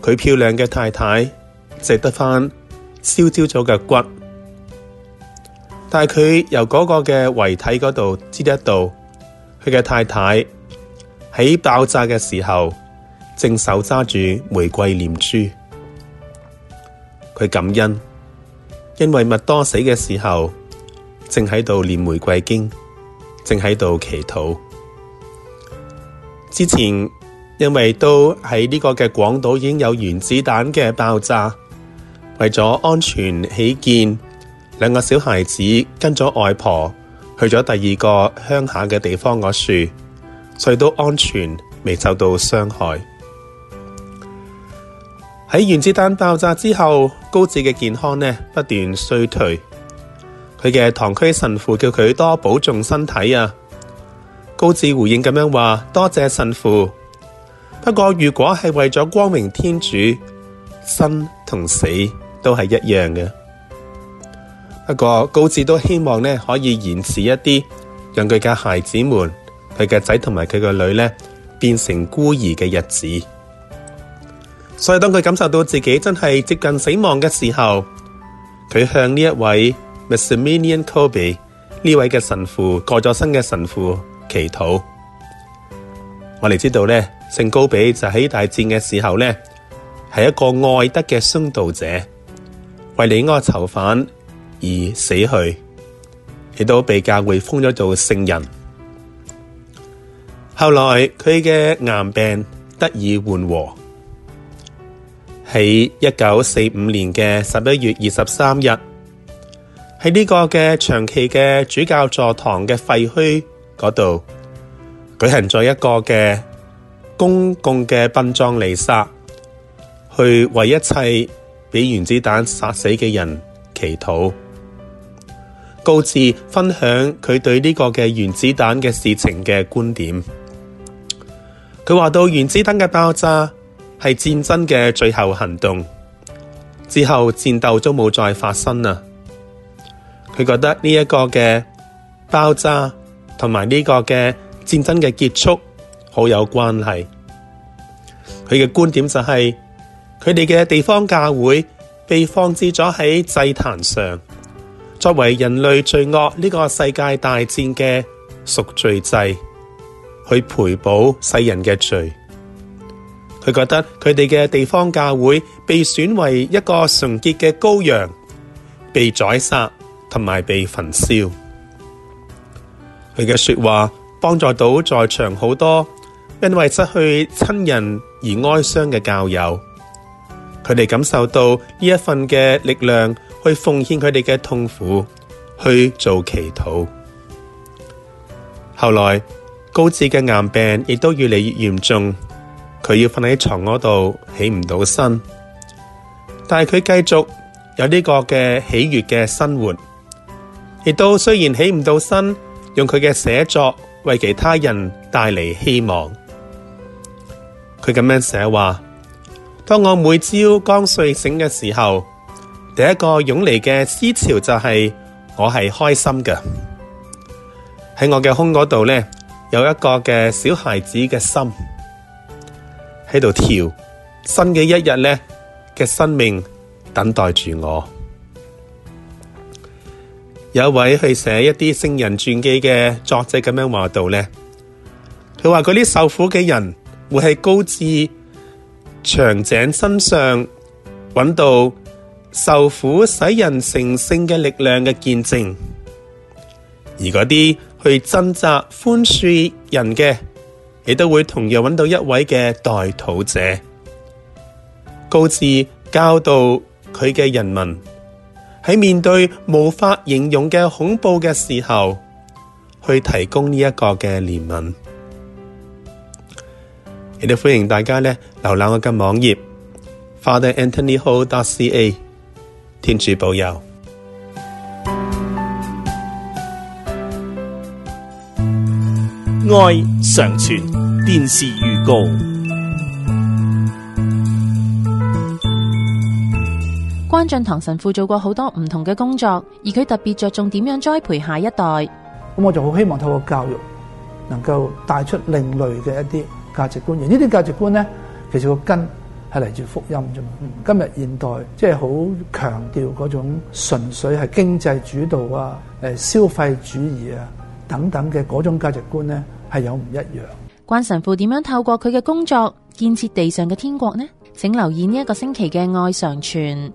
佢漂亮嘅太太只得翻燒焦咗嘅骨。但係佢由嗰個嘅遺體嗰度知道，佢嘅太太喺爆炸嘅時候正手揸住玫瑰念珠，佢感恩，因為麥多死嘅時候正喺度念玫瑰經，正喺度祈禱。之前因為都喺呢個嘅廣島已經有原子彈嘅爆炸，為咗安全起見。兩個小孩子跟咗外婆去咗第二個鄉下嘅地方個樹，遂都安全，未受到傷害。喺原子彈爆炸之後，高智嘅健康呢不斷衰退。佢嘅堂區神父叫佢多保重身體啊。高智回應噉樣話，多謝神父。不過如果係為咗光明天主，生同死都係一樣嘅。不過高智都希望咧，可以延遲一啲，讓佢嘅孩子們，佢嘅仔同埋佢嘅女咧，變成孤兒嘅日子。所以當佢感受到自己真係接近死亡嘅時候，佢向呢一位 Maximilian Kolbe 呢位嘅神父，過咗身嘅神父祈禱。我哋知道咧，聖高比就喺大戰嘅時候咧，係一個愛德嘅殉道者，為你我囚犯而死去，亦都被教會封咗做聖人。後來佢嘅癌病得以緩和，喺一九四五年嘅十一月二十三日，喺呢個嘅長期嘅主教座堂嘅廢墟嗰度舉行咗一個嘅公共嘅殯葬彌撒，去為一切俾原子彈殺死嘅人祈禱。告知分享佢對呢個嘅原子彈嘅事情嘅觀點。佢話到原子彈嘅爆炸係戰爭嘅最後行動，之後戰鬥都冇再發生啦。佢覺得呢一個嘅爆炸同埋呢個嘅戰爭嘅結束好有關係。佢嘅觀點就係，佢哋嘅地方教會被放置咗喺祭壇上。作為人類罪惡呢個世界大戰嘅贖罪祭，去賠補世人嘅罪。佢覺得佢哋嘅地方教會被選為一個純潔嘅羔羊，被宰殺同埋被焚燒。佢嘅說話幫助到在場好多因為失去親人而哀傷嘅教友，佢哋感受到呢一份嘅力量。去奉獻佢哋嘅痛苦，去做祈禱。後來高智嘅癌病亦都越嚟越嚴重，佢要瞓喺床嗰度，起唔到身。但係佢繼續有呢個嘅喜悦嘅生活，亦都雖然起唔到身，用佢嘅寫作為其他人帶嚟希望。佢咁樣寫話：當我每朝剛睡醒嘅時候。第一個湧嚟嘅思潮就係、是、我係開心嘅，喺我嘅胸嗰度咧，有一個嘅小孩子嘅心喺度跳，新嘅一日咧嘅生命等待住我。有一位去寫一啲聖人傳記嘅作者咁樣話道呢，佢話嗰啲受苦嘅人會喺高知長者身上揾到，受苦使人成聖嘅力量嘅見證，而嗰啲去掙扎寬恕人嘅，亦都會同樣揾到一位嘅代禱者，告知教導佢嘅人民喺面對無法形容嘅恐怖嘅時候，去提供呢一個嘅憐憫。亦都歡迎大家咧瀏覽我嘅網頁，Father Anthony Ho C A。 天主保佑，
愛常存。電視預告：
關俊棠神父做過好多唔同嘅工作，而佢特別着重點樣栽培下一代。咁我就
好希望透過教育，能夠帶出另類嘅一啲價值觀。而呢啲價值觀咧，其實個根。係嚟自福音啫嘛、嗯。今日現代即係好強調嗰種純粹係經濟主導啊、誒、呃、消費主義啊等等嘅嗰種價值觀咧，係有唔一樣。
關神父點樣透過佢嘅工作建設地上嘅天國呢？請留意呢一個星期嘅愛常傳。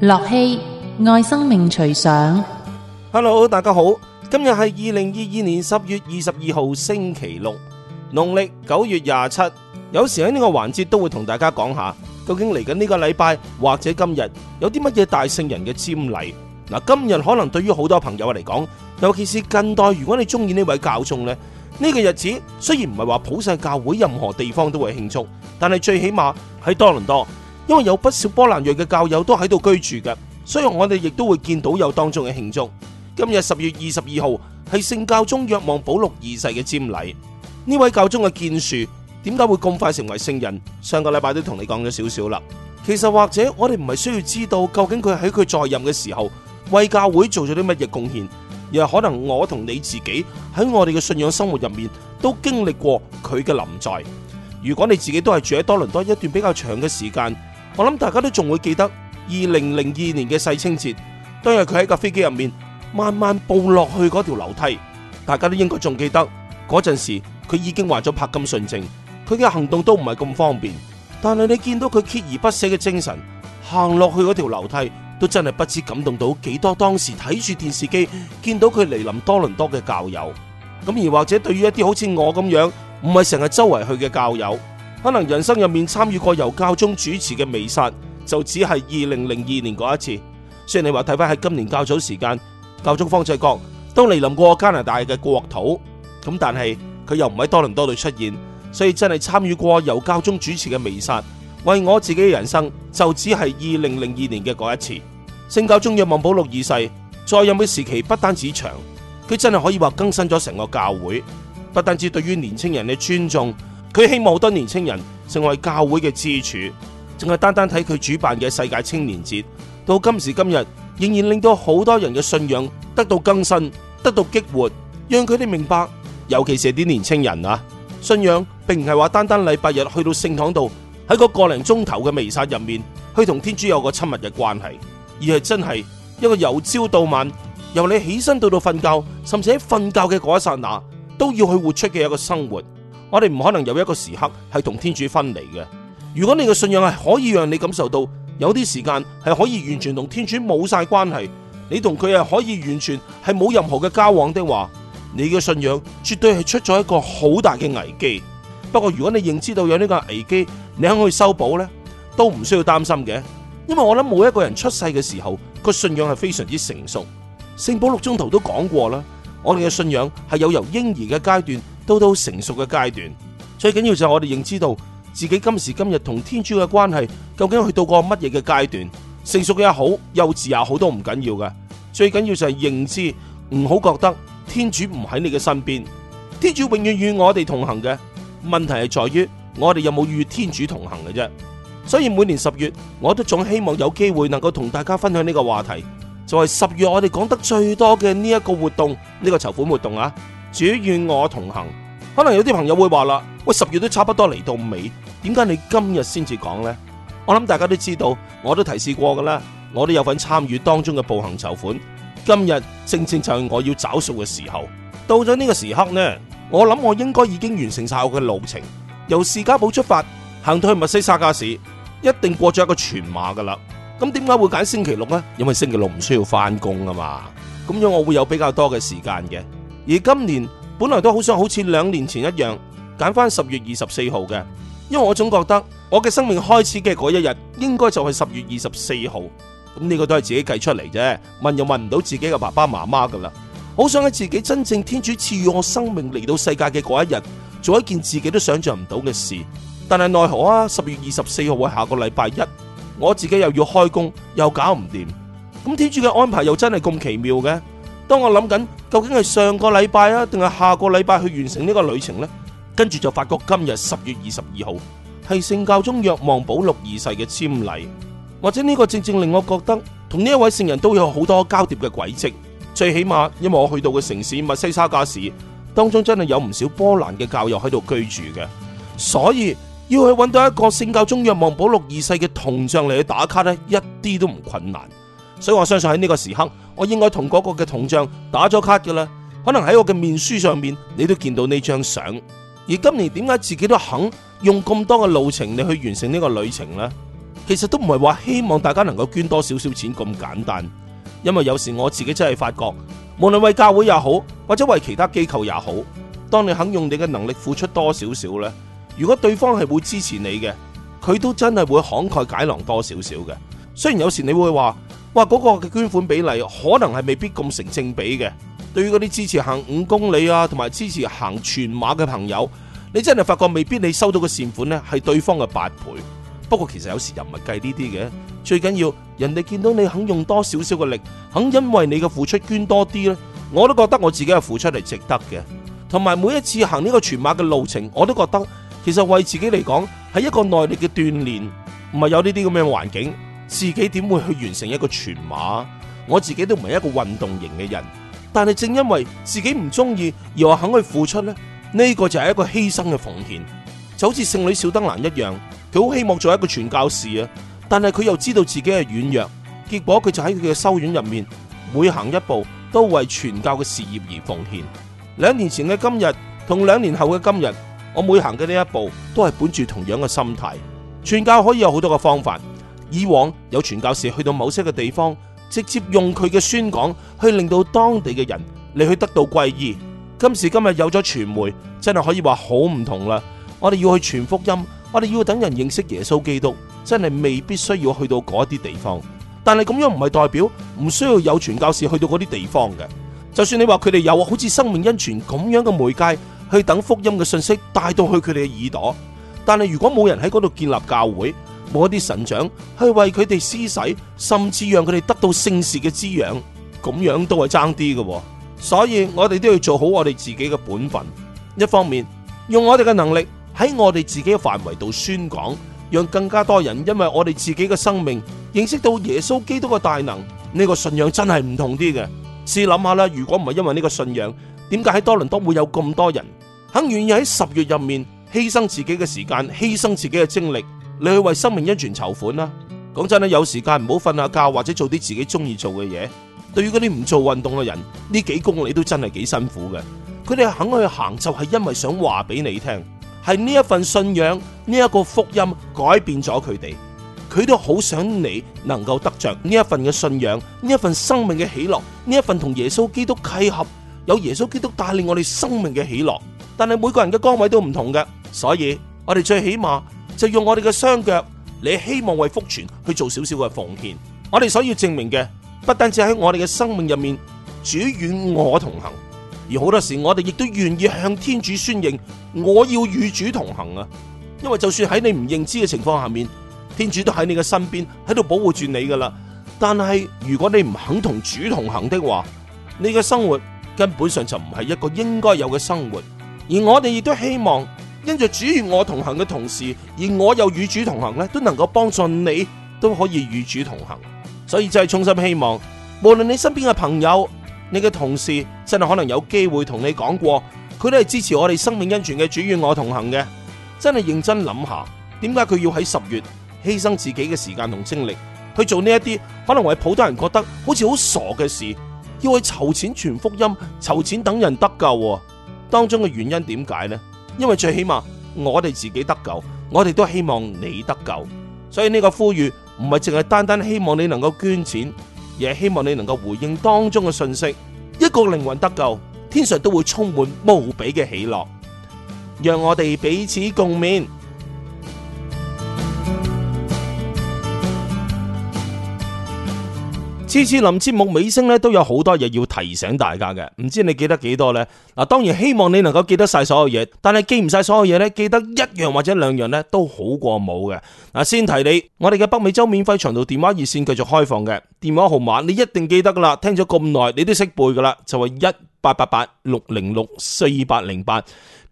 樂器：愛生命隨想。
hello，大家好，今天是年10月22日係二零二二年十月二十二號，星期六，農曆九月廿七。有時喺呢個環節都會同大家講下，究竟嚟緊呢個禮拜或者今日有啲乜嘢大聖人嘅瞻禮？嗱，今日可能對於好多朋友嚟講，尤其是近代，如果你中意呢位教宗呢，呢、呢個日子雖然唔係話普世教會任何地方都會慶祝，但係最起碼喺多倫多，因為有不少波蘭裔嘅教友都喺度居住嘅，所以我哋亦都會見到有當中嘅慶祝。今日十月二十二號係聖教宗若望保禄二世嘅瞻禮。呢位教宗嘅建樹，點解會咁快成為聖人？上個禮拜都同你講咗少少啦。其實或者我哋唔係需要知道究竟佢喺佢在任嘅時候為教會做咗啲乜嘢貢獻，而係可能我同你自己喺我哋嘅信仰生活入面都經歷過佢嘅臨在。如果你自己都係住喺多倫多一段比較長嘅時間，我諗大家都仲會記得二零零二年嘅世青節當日佢喺架飛機入面。慢慢步落去嗰條樓梯，大家都應該仲記得嗰陣時，佢已經患咗柏金遜症，佢嘅行動都唔係咁方便。但係你見到佢鍥而不捨嘅精神，行落去嗰條樓梯，都真係不知感動到幾多當時睇住電視機見到佢嚟臨多倫多嘅教友。咁而或者對於一啲好似我咁樣唔係成日周圍去嘅教友，可能人生入面參與過由教宗主持嘅彌撒，就只係二零零二年嗰一次。雖然你話睇翻喺今年較早時間。教宗方濟各都嚟臨過加拿大嘅國土，咁但係佢又唔喺多倫多度出現，所以真係參與過由教宗主持嘅彌撒。為我自己嘅人生，就只係二零零二年嘅嗰一次。聖教宗若望保祿二世在任嘅時期不單止長，佢真係可以話更新咗成個教會。不單止對於年青人嘅尊重，佢希望好多年青人成為教會嘅支柱。淨係單單睇佢主辦嘅世界青年節，到今時今日。仍然令到好多人嘅信仰得到更新、得到激活，讓佢哋明白，尤其是啲年輕人啊，信仰並唔係話單單禮拜日去到聖堂度，喺嗰個零鐘頭嘅彌撒入面，去同天主有個親密嘅關係，而係真係一個由朝到晚，由你起身到到瞓覺，甚至喺瞓覺嘅嗰一剎那，都要去活出嘅一個生活。我哋唔可能有一個時刻係同天主分離嘅。如果你嘅信仰係可以讓你感受到。有啲時間係可以完全同天主冇晒關係，你同佢係可以完全係冇任何嘅交往的話，你嘅信仰絕對係出咗一個好大嘅危機。不過如果你認知到有呢個危機，你肯去修補呢，都唔需要擔心嘅。因為我諗每一個人出世嘅時候個信仰係非常之成熟。聖保祿宗徒都講過啦，我哋嘅信仰係有由嬰兒嘅階段到到成熟嘅階段，最緊要就係我哋認知到。自己今時今日同天主嘅關係究竟去到過乜嘢嘅階段？成熟也好，幼稚也好都唔緊要嘅，最緊要就係認知，唔好覺得天主唔喺你嘅身邊，天主永遠與我哋同行嘅。問題係在於我哋有冇與天主同行嘅啫。所以每年十月我都總希望有機會能夠同大家分享呢個話題，就係十月我哋講得最多嘅呢一個活動，呢個籌款活動啊，主與我同行。可能有啲朋友會話啦，喂，十月都差唔多嚟到尾，點解你今日先至講呢？我諗大家都知道，我都提示過噶啦，我都有份參與當中嘅步行籌款，今日正正就係我要找數嘅時候。到咗呢個時刻呢，我諗我應該已經完成晒我嘅路程，由士嘉堡出發行到去密西沙加市，一定過咗一個全馬噶啦。咁點解會揀星期六呢？因為星期六唔需要翻工啊嘛，咁樣我會有比較多嘅時間嘅。而今年。本來都好想好似兩年前一樣揀翻十月二十四號嘅，因為我總覺得我嘅生命開始嘅嗰一日應該就係十月二十四號，咁呢個都係自己計出嚟啫，問又問唔到自己嘅爸爸媽媽噶啦，好想喺自己真正天主賜予我生命嚟到世界嘅嗰一日做一件自己都想象唔到嘅事，但係奈何啊，十月二十四號係下個禮拜一，我自己又要開工又搞唔掂，咁天主嘅安排又真係咁奇妙嘅？當我諗緊究竟係上個禮拜啊，定係下個禮拜去完成呢個旅程呢？跟住就發覺今日十月二十二號係聖教宗若望保禄二世嘅簽禮，或者呢個正正令我覺得同呢一位聖人都有好多交疊嘅軌跡。最起碼，因為我去到嘅城市麥西沙加市當中真係有唔少波蘭嘅教友喺度居住嘅，所以要去搵到一個聖教宗若望保禄二世嘅銅像嚟去打卡呢，一啲都唔困難。所以我相信喺呢個時刻，我應該同嗰個嘅銅像打咗卡嘅啦。可能喺我嘅面書上面，你都見到呢張相。而今年點解自己都肯用咁多嘅路程嚟去完成呢個旅程咧？其實都唔係話希望大家能夠捐多少少錢咁簡單，因為有時我自己真係發覺，無論為教會也好，或者為其他機構也好，當你肯用你嘅能力付出多少少咧，如果對方係會支持你嘅，佢都真係會慷慨解囊多少少嘅。雖然有時你會話。哇！嗰個嘅捐款比例可能係未必咁成正比嘅。對於嗰啲支持行五公里啊，同埋支持行全馬嘅朋友，你真係發覺未必你收到嘅善款呢係對方嘅八倍。不過其實有時又唔係計呢啲嘅，最緊要人哋見到你肯用多少少嘅力，肯因為你嘅付出捐多啲咧，我都覺得我自己嘅付出係值得嘅。同埋每一次行呢個全馬嘅路程，我都覺得其實為自己嚟講係一個耐力嘅鍛煉，唔係有呢啲咁嘅環境。自己點會去完成一個全馬？我自己都唔係一個運動型嘅人，但係正因為自己唔中意而我肯去付出呢，呢個就係一個犧牲嘅奉獻。就好似聖女小德蘭一樣，佢好希望做一個傳教士啊，但係佢又知道自己係軟弱，結果佢就喺佢嘅修院入面，每行一步都為傳教嘅事業而奉獻。兩年前嘅今日同兩年後嘅今日，我每行嘅呢一步都係本住同樣嘅心態。傳教可以有好多嘅方法。以往有傳教士去到某些嘅地方，直接用佢嘅宣講去令到當地嘅人你去得到皈依。今時今日有咗傳媒，真係可以話好唔同啦。我哋要去傳福音，我哋要等人認識耶穌基督，真係未必需要去到嗰啲地方。但係咁樣唔係代表唔需要有傳教士去到嗰啲地方嘅。就算你話佢哋有好似生命恩泉咁樣嘅媒介去等福音嘅信息帶到去佢哋嘅耳朵，但係如果冇人喺嗰度建立教會，冇一啲神長去為佢哋施洗，甚至讓佢哋得到聖事嘅滋養，咁樣都係爭啲嘅。所以我哋都要做好我哋自己嘅本分，一方面用我哋嘅能力喺我哋自己嘅範圍度宣講，讓更加多人因為我哋自己嘅生命認識到耶穌基督嘅大能，呢、呢個信仰真係唔同啲嘅。試諗下啦，如果唔係因為呢個信仰，點解喺多倫多會有咁多人肯願意喺十月入面犧牲自己嘅時間，犧牲自己嘅精力？你去為生命安全籌款啦！講真咧，有時間唔好瞓下覺或者做啲自己中意做嘅嘢。對於嗰啲唔做運動嘅人，呢幾公里都真係幾辛苦嘅。佢哋肯去行就係因為想話俾你聽，係呢一份信仰呢一個福音改變咗佢哋。佢都好想你能夠得着呢一份嘅信仰，呢一份生命嘅喜樂，呢一份同耶穌基督契合，有耶穌基督帶領我哋生命嘅喜樂。但係每個人嘅崗位都唔同嘅，所以我哋最起碼。就用我哋嘅雙腳，你希望為福泉去做少少嘅奉獻。我哋所要證明嘅，不單止喺我哋嘅生命入面，主與我同行；而好多時，我哋亦都願意向天主宣認，我要與主同行啊！因為就算喺你唔認知嘅情況下面，天主都喺你嘅身邊，喺度保護住你噶啦。但係如果你唔肯同主同行的話，你嘅生活根本上就唔係一個應該有嘅生活。而我哋亦都希望。跟住主與我同行嘅同時，而我又與主同行咧，都能夠幫助你，都可以與主同行。所以真係衷心希望，無論你身邊嘅朋友、你嘅同事，真係可能有機會同你講過，佢都係支持我哋生命恩泉嘅主與我同行嘅。真係認真諗下，點解佢要喺十月犧牲自己嘅時間同精力去做呢一啲可能為普通人覺得好似好傻嘅事，要去籌錢傳福音、籌錢等人得救的，當中嘅原因點解呢？因為最起碼我哋自己得救，我哋都希望你得救，所以呢個呼籲唔係淨係單單希望你能夠捐錢，而係希望你能夠回應當中嘅信息。一個靈魂得救，天上都會充滿無比嘅喜樂，讓我哋彼此共勉。次次臨節目尾聲咧，都有好多嘢要提醒大家嘅，唔知你記得幾多呢？嗱，當然希望你能夠記得晒所有嘢，但係記唔晒所有嘢呢？記得一樣或者兩樣呢都好過冇嘅。嗱，先提你，我哋嘅北美洲免費長途電話熱線繼續開放嘅，電話號碼你一定記得噶啦，聽咗咁耐你都識背噶啦，就係一八八八六零六四八零八，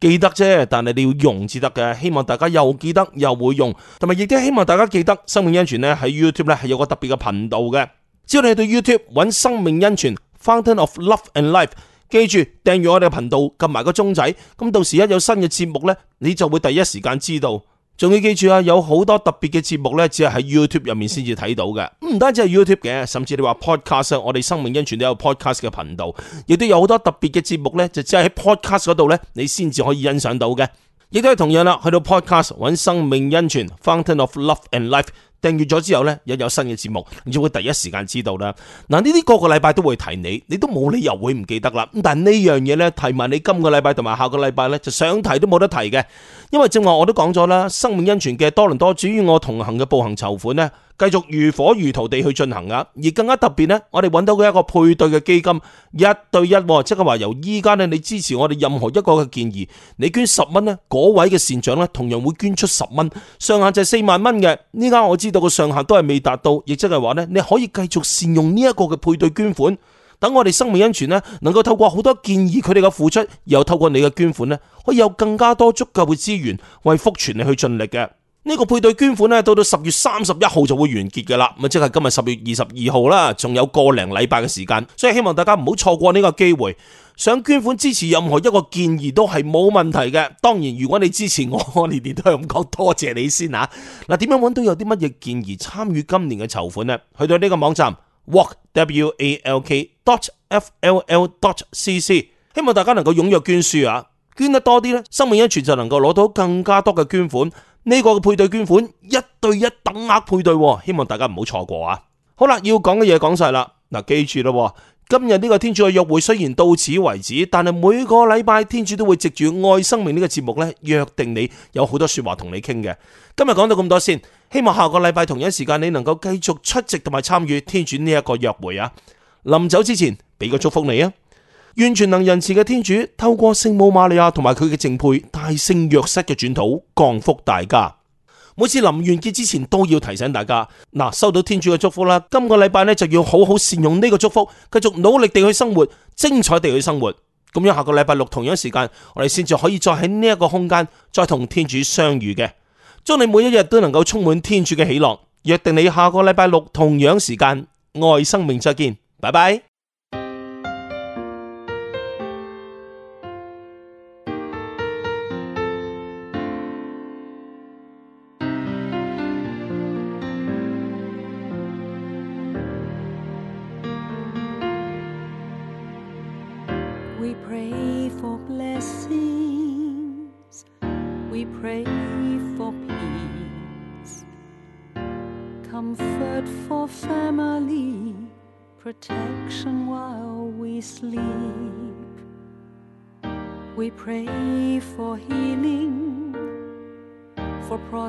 記得啫，但係你要用至得嘅，希望大家又記得又會用，同埋亦都希望大家記得生命安全呢喺 YouTube 咧係有個特別嘅頻道嘅。只要你去到 YouTube 揾生命恩泉 Fountain of Love and Life，記住訂閱我哋嘅頻道，撳埋個鐘仔，咁到時一有新嘅節目呢，你就會第一時間知道。仲要記住啊，有好多特別嘅節目呢，只係喺 YouTube 入面先至睇到嘅，唔單止係 YouTube 嘅，甚至你話 Podcast，我哋生命恩泉都有 Podcast 嘅頻道，亦都有好多特別嘅節目呢，就只係喺 Podcast 嗰度呢，你先至可以欣賞到嘅。亦都係同樣啦，去到 Podcast 揾生命恩泉 Fountain of Love and Life。訂閱咗之後呢，又有新嘅節目，你就會第一時間知道啦。嗱，呢啲個個禮拜都會提你，你都冇理由會唔記得啦。但呢樣嘢呢，提埋你今個禮拜同埋下個禮拜呢，就想提都冇得提嘅，因為正話我都講咗啦，生命恩泉嘅多倫多主與我同行嘅步行籌款呢。繼續如火如荼地去進行啊！而更加特別呢，我哋揾到嘅一個配對嘅基金，一對一，即係話由依家呢，你支持我哋任何一個嘅建議，你捐十蚊呢，嗰位嘅善長呢，同樣會捐出十蚊，上限就係四萬蚊嘅。呢家我知道個上限都係未達到，亦即係話呢，你可以繼續善用呢一個嘅配對捐款，等我哋生命恩泉呢，能夠透過好多建議佢哋嘅付出，又透過你嘅捐款呢，可以有更加多足夠嘅資源為福傳你去盡力嘅。呢個配對捐款咧，到到十月三十一號就會完結嘅啦，咁即係今日十月二十二號啦，仲有個零禮拜嘅時間，所以希望大家唔好錯過呢個機會，想捐款支持任何一個建議都係冇問題嘅。當然，如果你支持我，我年年都係咁講多謝你先吓。嗱，點樣揾到有啲乜嘢建議參與今年嘅籌款呢？去到呢個網站 walkw a l k dot f l l dot c c，希望大家能夠踊躍捐書啊，捐得多啲呢，生命安全就能夠攞到更加多嘅捐款。呢個嘅配對捐款，一對一等額配對，希望大家唔好錯過啊！好啦，要講嘅嘢講晒啦，嗱，記住啦，今日呢個天主嘅約會雖然到此為止，但係每個禮拜天主都會藉住愛生命呢個節目咧約定你有好多說話同你傾嘅。今日講到咁多先，希望下個禮拜同一時間你能夠繼續出席同埋參與天主呢一個約會啊！臨走之前俾個祝福你啊！願全能仁慈嘅天主透過聖母瑪利亞同埋佢嘅淨配大聖若瑟嘅轉禱，降福大家。每次臨完結之前都要提醒大家，嗱，收到天主嘅祝福啦，今個禮拜咧就要好好善用呢個祝福，繼續努力地去生活，精彩地去生活。咁樣下個禮拜六同樣時間，我哋先至可以再喺呢一個空間再同天主相遇嘅，祝你每一日都能夠充滿天主嘅喜樂。約定你下個禮拜六同樣時間，愛生命再見，拜拜。